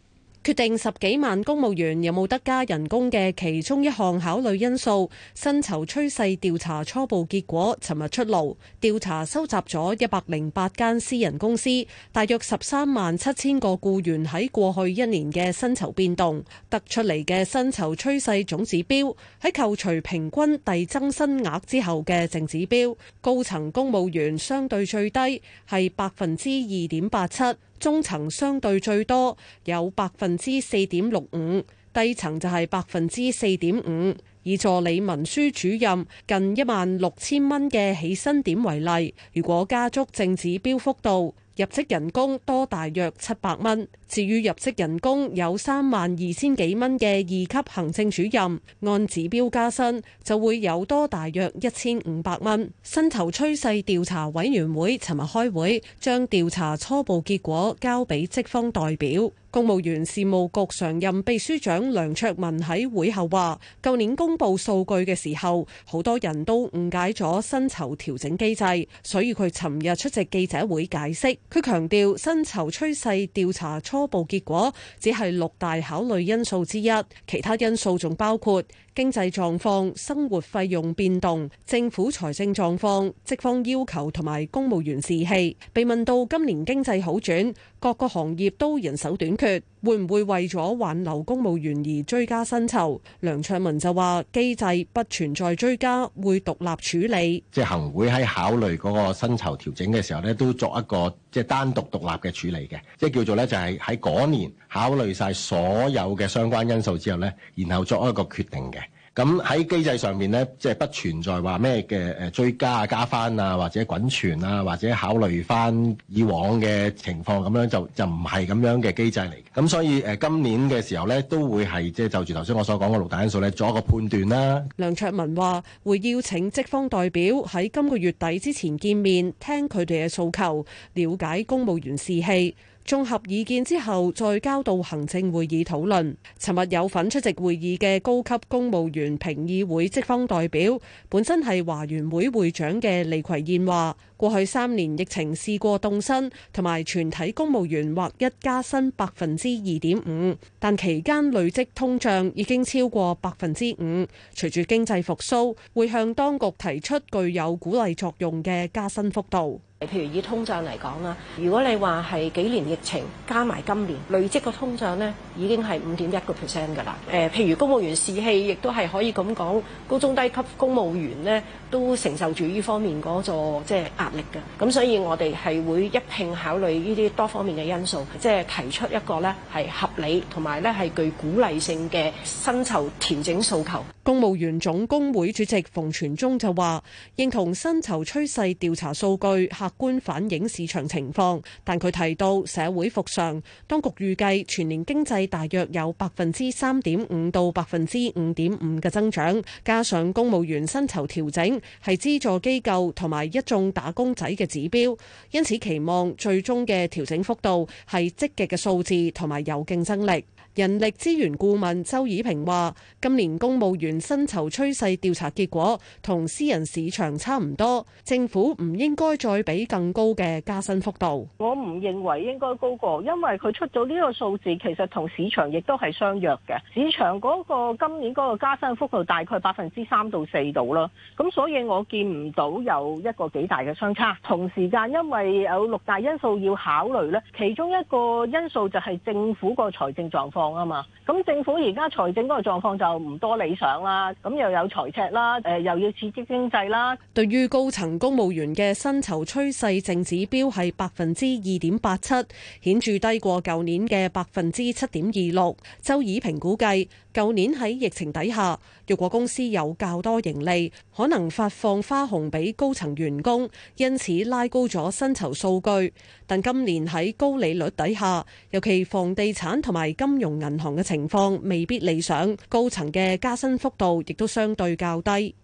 決定十幾萬公務員有冇得加人工嘅其中一項考慮因素，薪酬趨勢調查初步結果尋日出爐。調查收集咗一百零八間私人公司，大約十三萬七千個僱員喺過去一年嘅薪酬變動，得出嚟嘅薪酬趨勢總指標喺扣除平均遞增薪額之後嘅淨指標，高層公務員相對最低係百分之二點八七。中層相對最多，有百分之四點六五；低層就係百分之四點五。以助理文書主任近一萬六千蚊嘅起薪點為例，如果加足淨指標幅度，入職人工多大約七百蚊至於入職人工有三萬二千幾蚊嘅二級行政主任，按指標加薪就會有多大約一千五百蚊。薪酬趨勢調查委員會尋日開會，將調查初步結果交俾職方代表。公務員事務局常任秘書長梁卓文喺會後話，舊年公布數據嘅時候，好多人都誤解咗薪酬調整機制，所以佢尋日出席記者會解釋。佢強調，薪酬趨勢調查初步結果只係六大考慮因素之一，其他因素仲包括。經濟狀況、生活費用變動、政府財政狀況、職方要求同埋公務員士氣。被問到今年經濟好轉，各個行業都人手短缺。會唔會為咗挽留公務員而追加薪酬？梁卓文就話機制不存在追加，會獨立處理。即係行會喺考慮嗰個薪酬調整嘅時候呢，都作一個即係單獨獨立嘅處理嘅，即係叫做呢，就係喺嗰年考慮晒所有嘅相關因素之後呢，然後作一個決定嘅。咁喺機制上面呢，即係不存在話咩嘅誒追加啊、加翻啊，或者滾存啊，或者考慮翻以往嘅情況咁樣，就就唔係咁樣嘅機制嚟。咁所以誒今年嘅時候呢，都會係即係就住頭先我所講嘅六大因素咧，作一個判斷啦。梁卓文話會邀請職方代表喺今個月底之前見面，聽佢哋嘅訴求，了解公務員士氣。綜合意見之後，再交到行政會議討論。尋日有份出席會議嘅高級公務員評議會職方代表，本身係華員會會長嘅李葵燕話。過去三年疫情試過凍薪，同埋全體公務員獲一加薪百分之二點五，但期間累積通脹已經超過百分之五。隨住經濟復甦，會向當局提出具有鼓勵作用嘅加薪幅度。譬如以通脹嚟講啦，如果你話係幾年疫情加埋今年累積嘅通脹咧，已經係五點一個 percent 㗎啦。誒，譬、呃、如公務員士氣亦都係可以咁講，高中低級公務員咧都承受住呢方面嗰座即係壓力嘅，咁所以我哋係會一拼考慮呢啲多方面嘅因素，即係提出一個咧係合理同埋咧係具鼓勵性嘅薪酬調整訴求。公務員總工會主席馮傳忠就話認同薪酬趨勢調查數據客觀反映市場情況，但佢提到社會復常，當局預計全年經濟大約有百分之三點五到百分之五點五嘅增長，加上公務員薪酬調整係資助機構同埋一眾打工公仔嘅指標，因此期望最終嘅調整幅度係積極嘅數字同埋有競爭力。人力資源顧問周以平話：今年公務員薪酬趨勢調查結果同私人市場差唔多，政府唔應該再俾更高嘅加薪幅度。我唔認為應該高過，因為佢出咗呢個數字，其實同市場亦都係相約嘅。市場嗰個今年嗰個加薪幅度大概百分之三到四度啦，咁所以我見唔到有一個幾大嘅相差。同時間，因為有六大因素要考慮咧，其中一個因素就係政府個財政狀況。啊嘛，咁政府而家財政嗰個狀況就唔多理想啦，咁又有財赤啦，誒又要刺激經濟啦。對於高層公務員嘅薪酬趨勢淨指標係百分之二點八七，顯著低過舊年嘅百分之七點二六。周以平估計。舊年喺疫情底下，若果公司有較多盈利，可能發放花紅俾高層員工，因此拉高咗薪酬數據。但今年喺高利率底下，尤其房地產同埋金融銀行嘅情況未必理想，高層嘅加薪幅度亦都相對較低。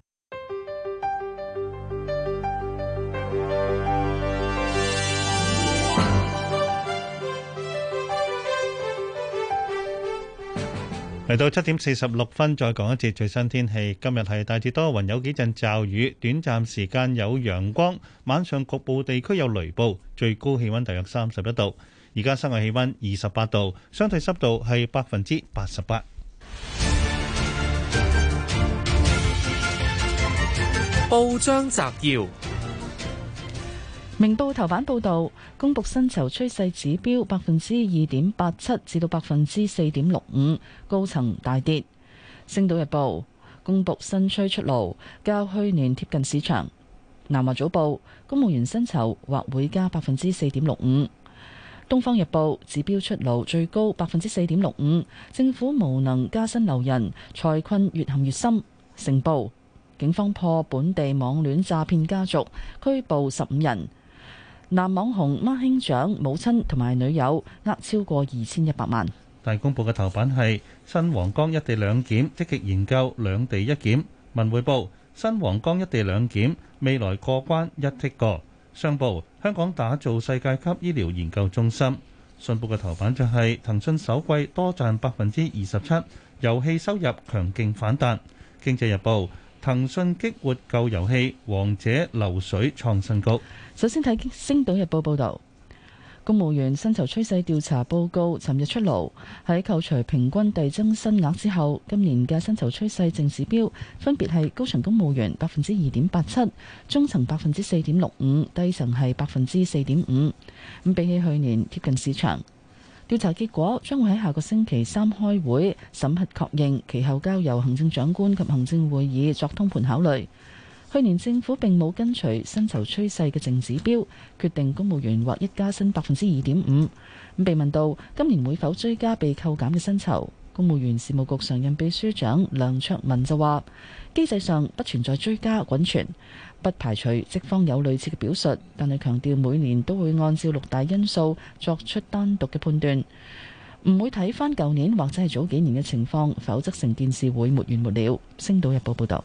嚟到七點四十六分，再講一次最新天氣。今日係大致多雲，有幾陣驟雨，短暫時間有陽光，晚上局部地區有雷暴，最高氣温大約三十一度。而家室外氣温二十八度，相對濕度係百分之八十八。報章摘要。明報頭版報道，公僕薪酬趨勢指標百分之二點八七至到百分之四點六五，高層大跌。星島日報，公僕薪趨出爐，較去年貼近市場。南華早報，公務員薪酬或會加百分之四點六五。東方日報，指標出爐，最高百分之四點六五，政府無能加薪留人，財困越陷越深。成報，警方破本地網戀詐騙家族，拘捕十五人。男網紅孖兄長母親同埋女友呃超過二千一百萬。大公報嘅頭版係新皇崗一地兩檢，積極研究兩地一檢。文匯報：新皇崗一地兩檢，未來過關一剔過。商報：香港打造世界級醫療研究中心。信報嘅頭版就係騰訊首季多賺百分之二十七，遊戲收入強勁反彈。經濟日報。騰訊激活舊遊戲《王者流水創新局》。首先睇《星島日報》報道，公務員薪酬趨勢調查報告尋日出爐。喺扣除平均遞增薪額之後，今年嘅薪酬趨勢淨指標分別係高層公務員百分之二點八七，中層百分之四點六五，低層係百分之四點五。咁比起去年，貼近市場。調查結果將會喺下個星期三開會審核確認，其後交由行政長官及行政會議作通盤考慮。去年政府並冇跟隨薪酬趨勢嘅淨指標，決定公務員獲一加薪百分之二點五。咁被問到今年會否追加被扣減嘅薪酬？公務員事務局常任秘書長梁卓文就話：機制上不存在追加滾存，不排除職方有類似嘅表述，但係強調每年都會按照六大因素作出單獨嘅判斷，唔會睇翻舊年或者係早幾年嘅情況，否則成件事會沒完沒了。星島日報報道，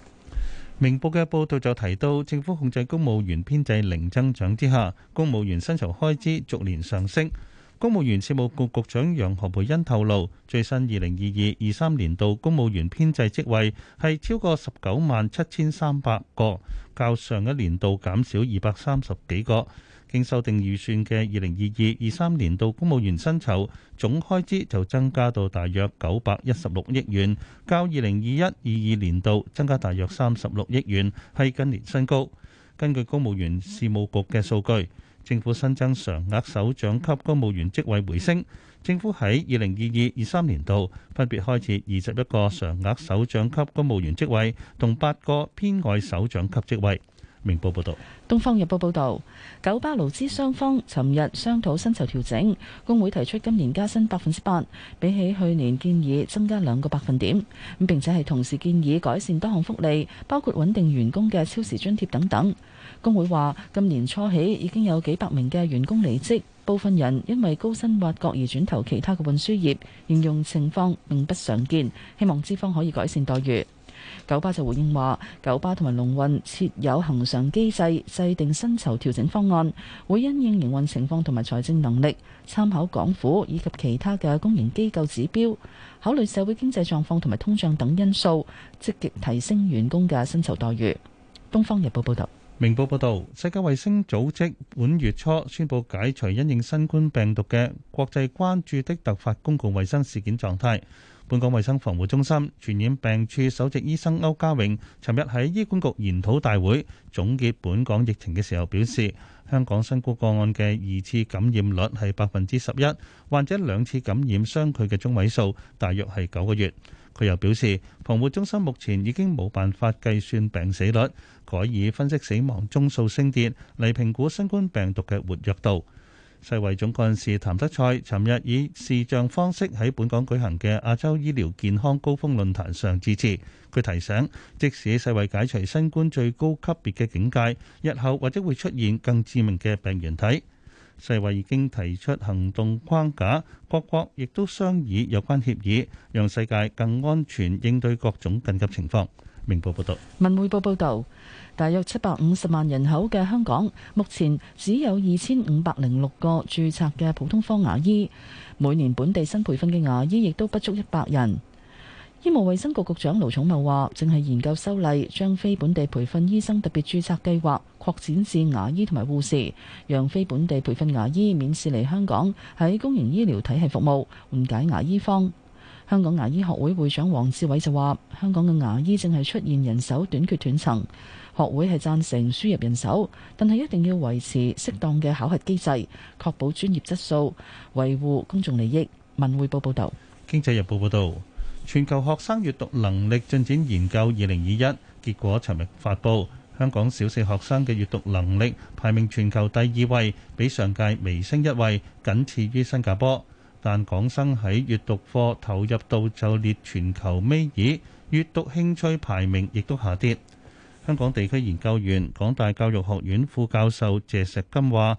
明報嘅報道就提到，政府控制公務員編制零增長之下，公務員薪酬開支逐年上升。公務員事務局局長楊何蓓茵透露，最新二零二二、二三年度公務員編制職位係超過十九萬七千三百個，較上一年度減少二百三十幾個。經修訂預算嘅二零二二、二三年度公務員薪酬總開支就增加到大約九百一十六億元，較二零二一二二年度增加大約三十六億元，係近年新高。根據公務員事務局嘅數據。政府新增常額首長級公務員職位回升。政府喺二零二二二三年度分別開設二十一個常額首長級公務員職位同八個編外首長級職位。明報報導，東方日報報導，九巴勞資雙方尋日商討薪酬調整，工會提出今年加薪百分之八，比起去年建議增加兩個百分點，咁並且係同時建議改善多項福利，包括穩定員工嘅超時津貼等等。工會話：今年初起已經有幾百名嘅員工離職，部分人因為高薪挖角而轉投其他嘅運輸業，形容情況並不常見，希望資方可以改善待遇。九巴就回應話，九巴同埋龍運設有恒常機制，制定薪酬調整方案，會因應營運情況同埋財政能力，參考港府以及其他嘅公營機構指標，考慮社會經濟狀況同埋通脹等因素，積極提升員工嘅薪酬待遇。東方日報報道。明報報道，世界衛生組織本月初宣布解除因應新冠病毒嘅國際關注的突發公共衛生事件狀態。本港衛生防護中心傳染病處首席醫生歐家榮，尋日喺醫管局研討大會總結本港疫情嘅時候表示，香港新冠個案嘅二次感染率係百分之十一，患者兩次感染相距嘅中位數大約係九個月。佢又表示，防護中心目前已經冇辦法計算病死率，改以分析死亡宗數升跌嚟評估新冠病毒嘅活躍度。世衛總幹事譚德賽尋日以視像方式喺本港舉行嘅亞洲醫療健康高峰論壇上致辭。佢提醒，即使世衛解除新冠最高級別嘅警戒，日後或者會出現更致命嘅病原體。世衛已經提出行動框架，各國亦都商議有關協議，讓世界更安全應對各種緊急情況。明報報道，文匯報報道，大約七百五十萬人口嘅香港，目前只有二千五百零六個註冊嘅普通科牙醫，每年本地新培訓嘅牙醫亦都不足一百人。醫務衛生局局長盧寵茂話：正係研究修例，將非本地培訓醫生特別註冊計劃擴展至牙醫同埋護士，讓非本地培訓牙醫免試嚟香港喺公營醫療體系服務，緩解牙醫荒。香港牙醫學會會長黃志偉就話：香港嘅牙醫正係出現人手短缺斷層，學會係贊成輸入人手，但係一定要維持適當嘅考核機制，確保專業質素，維護公眾利益。文匯報報導，《經濟日報》報導，全球學生閱讀能力進展研究二零二一結果尋日發布，香港小四學生嘅閱讀能力排名全球第二位，比上屆微升一位，僅次於新加坡。但港生喺閱讀課投入度就列全球尾二，閱讀興趣排名亦都下跌。香港地區研究員、港大教育學院副教授謝錫金話：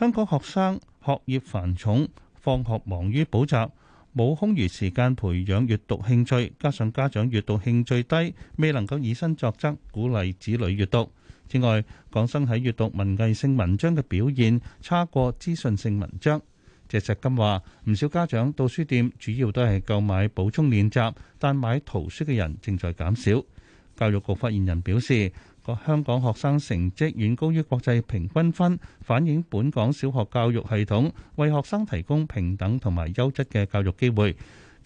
香港學生學業繁重，放學忙於補習，冇空餘時間培養閱讀興趣，加上家長閱讀興趣低，未能夠以身作則鼓勵子女閱讀。此外，港生喺閱讀文藝性文章嘅表現差過資訊性文章。謝石金話：唔少家長到書店主要都係購買補充練習，但買圖書嘅人正在減少。教育局發言人表示，各香港學生成績遠高於國際平均分，反映本港小學教育系統為學生提供平等同埋優質嘅教育機會。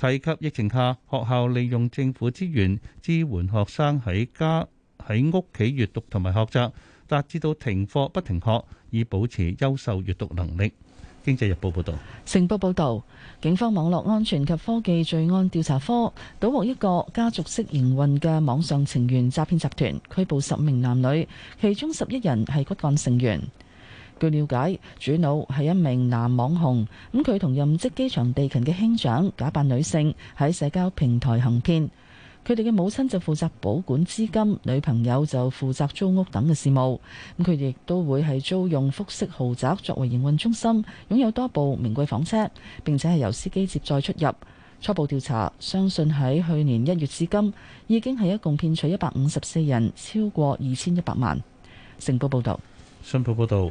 提及疫情下學校利用政府資源支援學生喺家喺屋企閱讀同埋學習，達至到停課不停學，以保持優秀閱讀能力。經濟日報報道，成報報道，警方網絡安全及科技罪案調查科搗獲一個家族式營運嘅網上情緣詐騙集團，拘捕十名男女，其中十一人係骨幹成員。據了解，主腦係一名男網紅，咁佢同任職機場地勤嘅兄長假扮女性喺社交平台行騙。佢哋嘅母親就負責保管資金，女朋友就負責租屋等嘅事務。咁佢亦都會係租用複式豪宅作為營運中心，擁有多部名貴房車，並且係由司機接載出入。初步調查相信喺去年一月至今，已經係一共騙取一百五十四人，超過二千一百萬。成報報導，新報報導。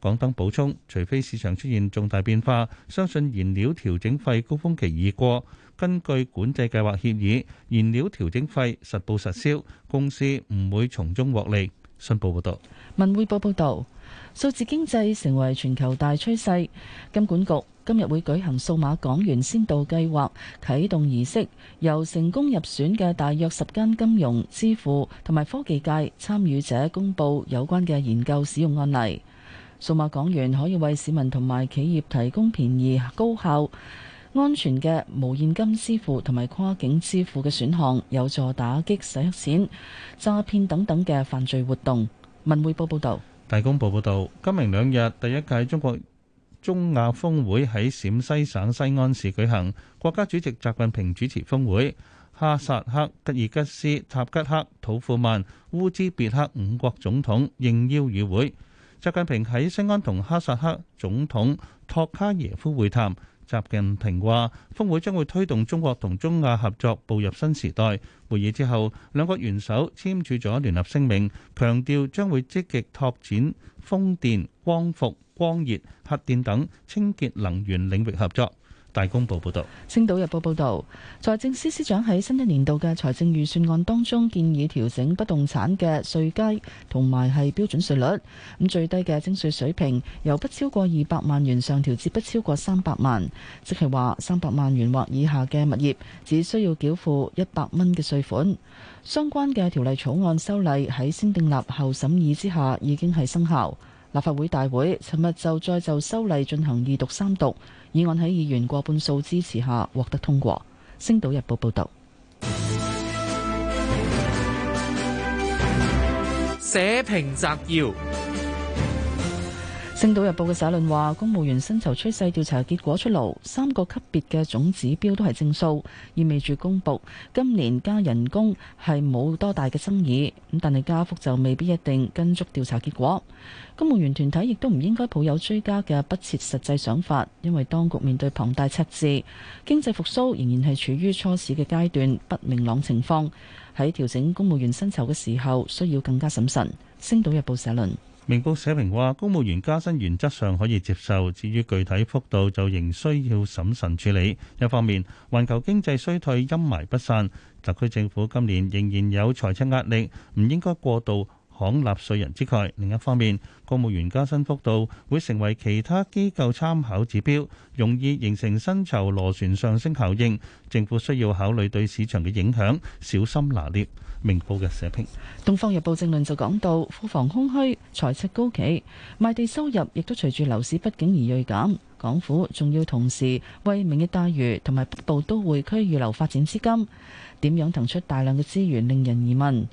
港燈補充，除非市場出現重大變化，相信燃料調整費高峰期已過。根據管制計劃協議，燃料調整費實報實銷，公司唔會從中獲利。信報報導，文匯報報道：數字經濟成為全球大趨勢。金管局今日會舉行數碼港元先導計劃啟動儀式，由成功入選嘅大約十間金融、支付同埋科技界參與者公佈有關嘅研究使用案例。數碼港元可以為市民同埋企業提供便宜、高效、安全嘅無現金支付同埋跨境支付嘅選項，有助打擊洗黑錢、詐騙等等嘅犯罪活動。文匯報報道。《大公報》報道：「今明兩日第一屆中國中亞峰會喺陝西省西安市舉行，國家主席習近平主持峰會，哈薩克、吉爾吉斯、塔吉克、土庫曼、烏茲別克五國總統應邀與會。」習近平喺西安同哈薩克總統托卡耶夫會談，習近平話，峰會將會推動中國同中亞合作步入新時代。會議之後，兩國元首簽署咗聯合聲明，強調將會積極拓展風電、光伏、光熱、核電等清潔能源領域合作。大公報報道，《星島日報》報道，財政司司長喺新一年度嘅財政預算案當中，建議調整不動產嘅稅階同埋係標準稅率。咁最低嘅徵稅水平由不超過二百萬元上調至不超過三百萬，即係話三百萬元或以下嘅物業只需要繳付一百蚊嘅稅款。相關嘅條例草案修例喺先訂立後審議之下已經係生效。立法會大會尋日就再就修例進行二讀三讀。議案喺議員過半數支持下獲得通過。星島日報報道。社評摘要。《星島日報》嘅社論話：公務員薪酬趨勢調查結果出爐，三個級別嘅總指標都係正數，意味住公佈今年加人工係冇多大嘅爭議。咁但係加幅就未必一定跟足調查結果。公務員團體亦都唔應該抱有追加嘅不切實際想法，因為當局面對龐大赤字，經濟復甦仍然係處於初始嘅階段，不明朗情況喺調整公務員薪酬嘅時候，需要更加審慎。《星島日報》社論。《明報》社評話，公務員加薪原則上可以接受，至於具體幅度就仍需要審慎處理。一方面，環球經濟衰退陰霾不散，特區政府今年仍然有財政壓力，唔應該過度。慷納稅人之慨，另一方面，公務員加薪幅度會成為其他機構參考指標，容易形成薪酬螺旋上升效應。政府需要考慮對市場嘅影響，小心拿捏。明報嘅社評，《東方日報正論》就講到：庫房空虛，財赤高企，賣地收入亦都隨住樓市不景而鋭減。港府仲要同時為明日大嶼同埋北部都會區預留發展資金，點樣騰出大量嘅資源，令人疑問。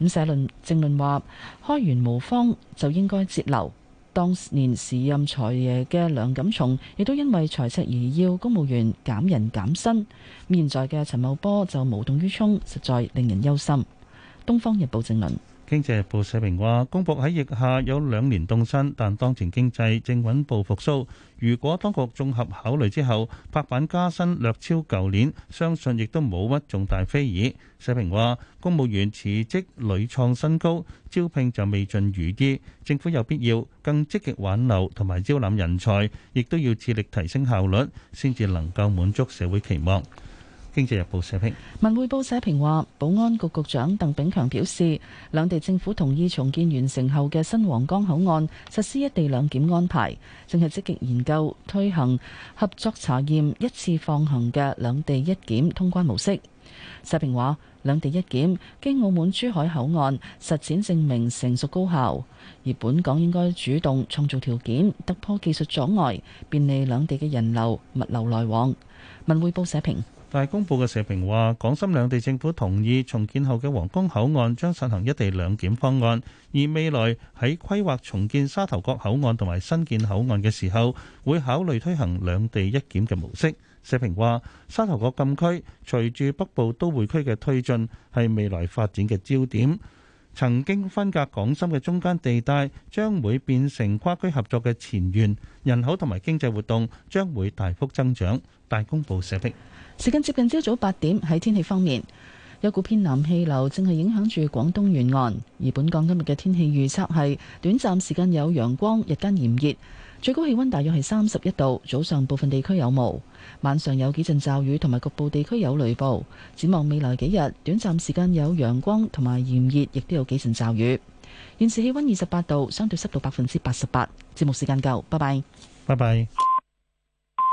咁社論政論話開源無方，就應該截流。當年時任財爺嘅梁錦松亦都因為財赤而要公務員減人減薪，現在嘅陳茂波就無動於衷，實在令人憂心。《東方日報》政論。經濟日報社評話，公僕喺疫下有兩年凍薪，但當前經濟正穩步復甦。如果當局綜合考慮之後拍板加薪略超舊年，相信亦都冇乜重大非議。社評話，公務員辭職屢創新高，招聘就未盡如意。政府有必要更積極挽留同埋招攬人才，亦都要致力提升效率，先至能夠滿足社會期望。經濟日報社評。文匯報社評話，保安局局長鄧炳強表示，兩地政府同意重建完成後嘅新皇崗口岸實施一地兩檢安排，正係積極研究推行合作查驗一次放行嘅兩地一檢通關模式。社評話，兩地一檢經澳門珠海口岸實踐證明成熟高效，而本港應該主動創造條件，突破技術阻礙，便利兩地嘅人流物流來往。文匯報社評。大公報嘅社評話，港深兩地政府同意重建後嘅皇崗口岸將實行一地兩檢方案，而未來喺規劃重建沙頭角口岸同埋新建口岸嘅時候，會考慮推行兩地一檢嘅模式。社評話，沙頭角禁區隨住北部都會區嘅推進，係未來發展嘅焦點。曾經分隔港深嘅中間地帶將會變成跨區合作嘅前沿，人口同埋經濟活動將會大幅增長。大公報社編。時間接近朝早八點，喺天氣方面，有股偏南氣流正係影響住廣東沿岸，而本港今日嘅天氣預測係短暫時間有陽光，日間炎熱。最高氣溫大約係三十一度，早上部分地區有霧，晚上有幾陣驟雨同埋局部地區有雷暴。展望未來幾日，短暫時間有陽光同埋炎熱，亦都有幾陣驟雨。現時氣溫二十八度，相對濕度百分之八十八。節目時間夠，拜拜，拜拜。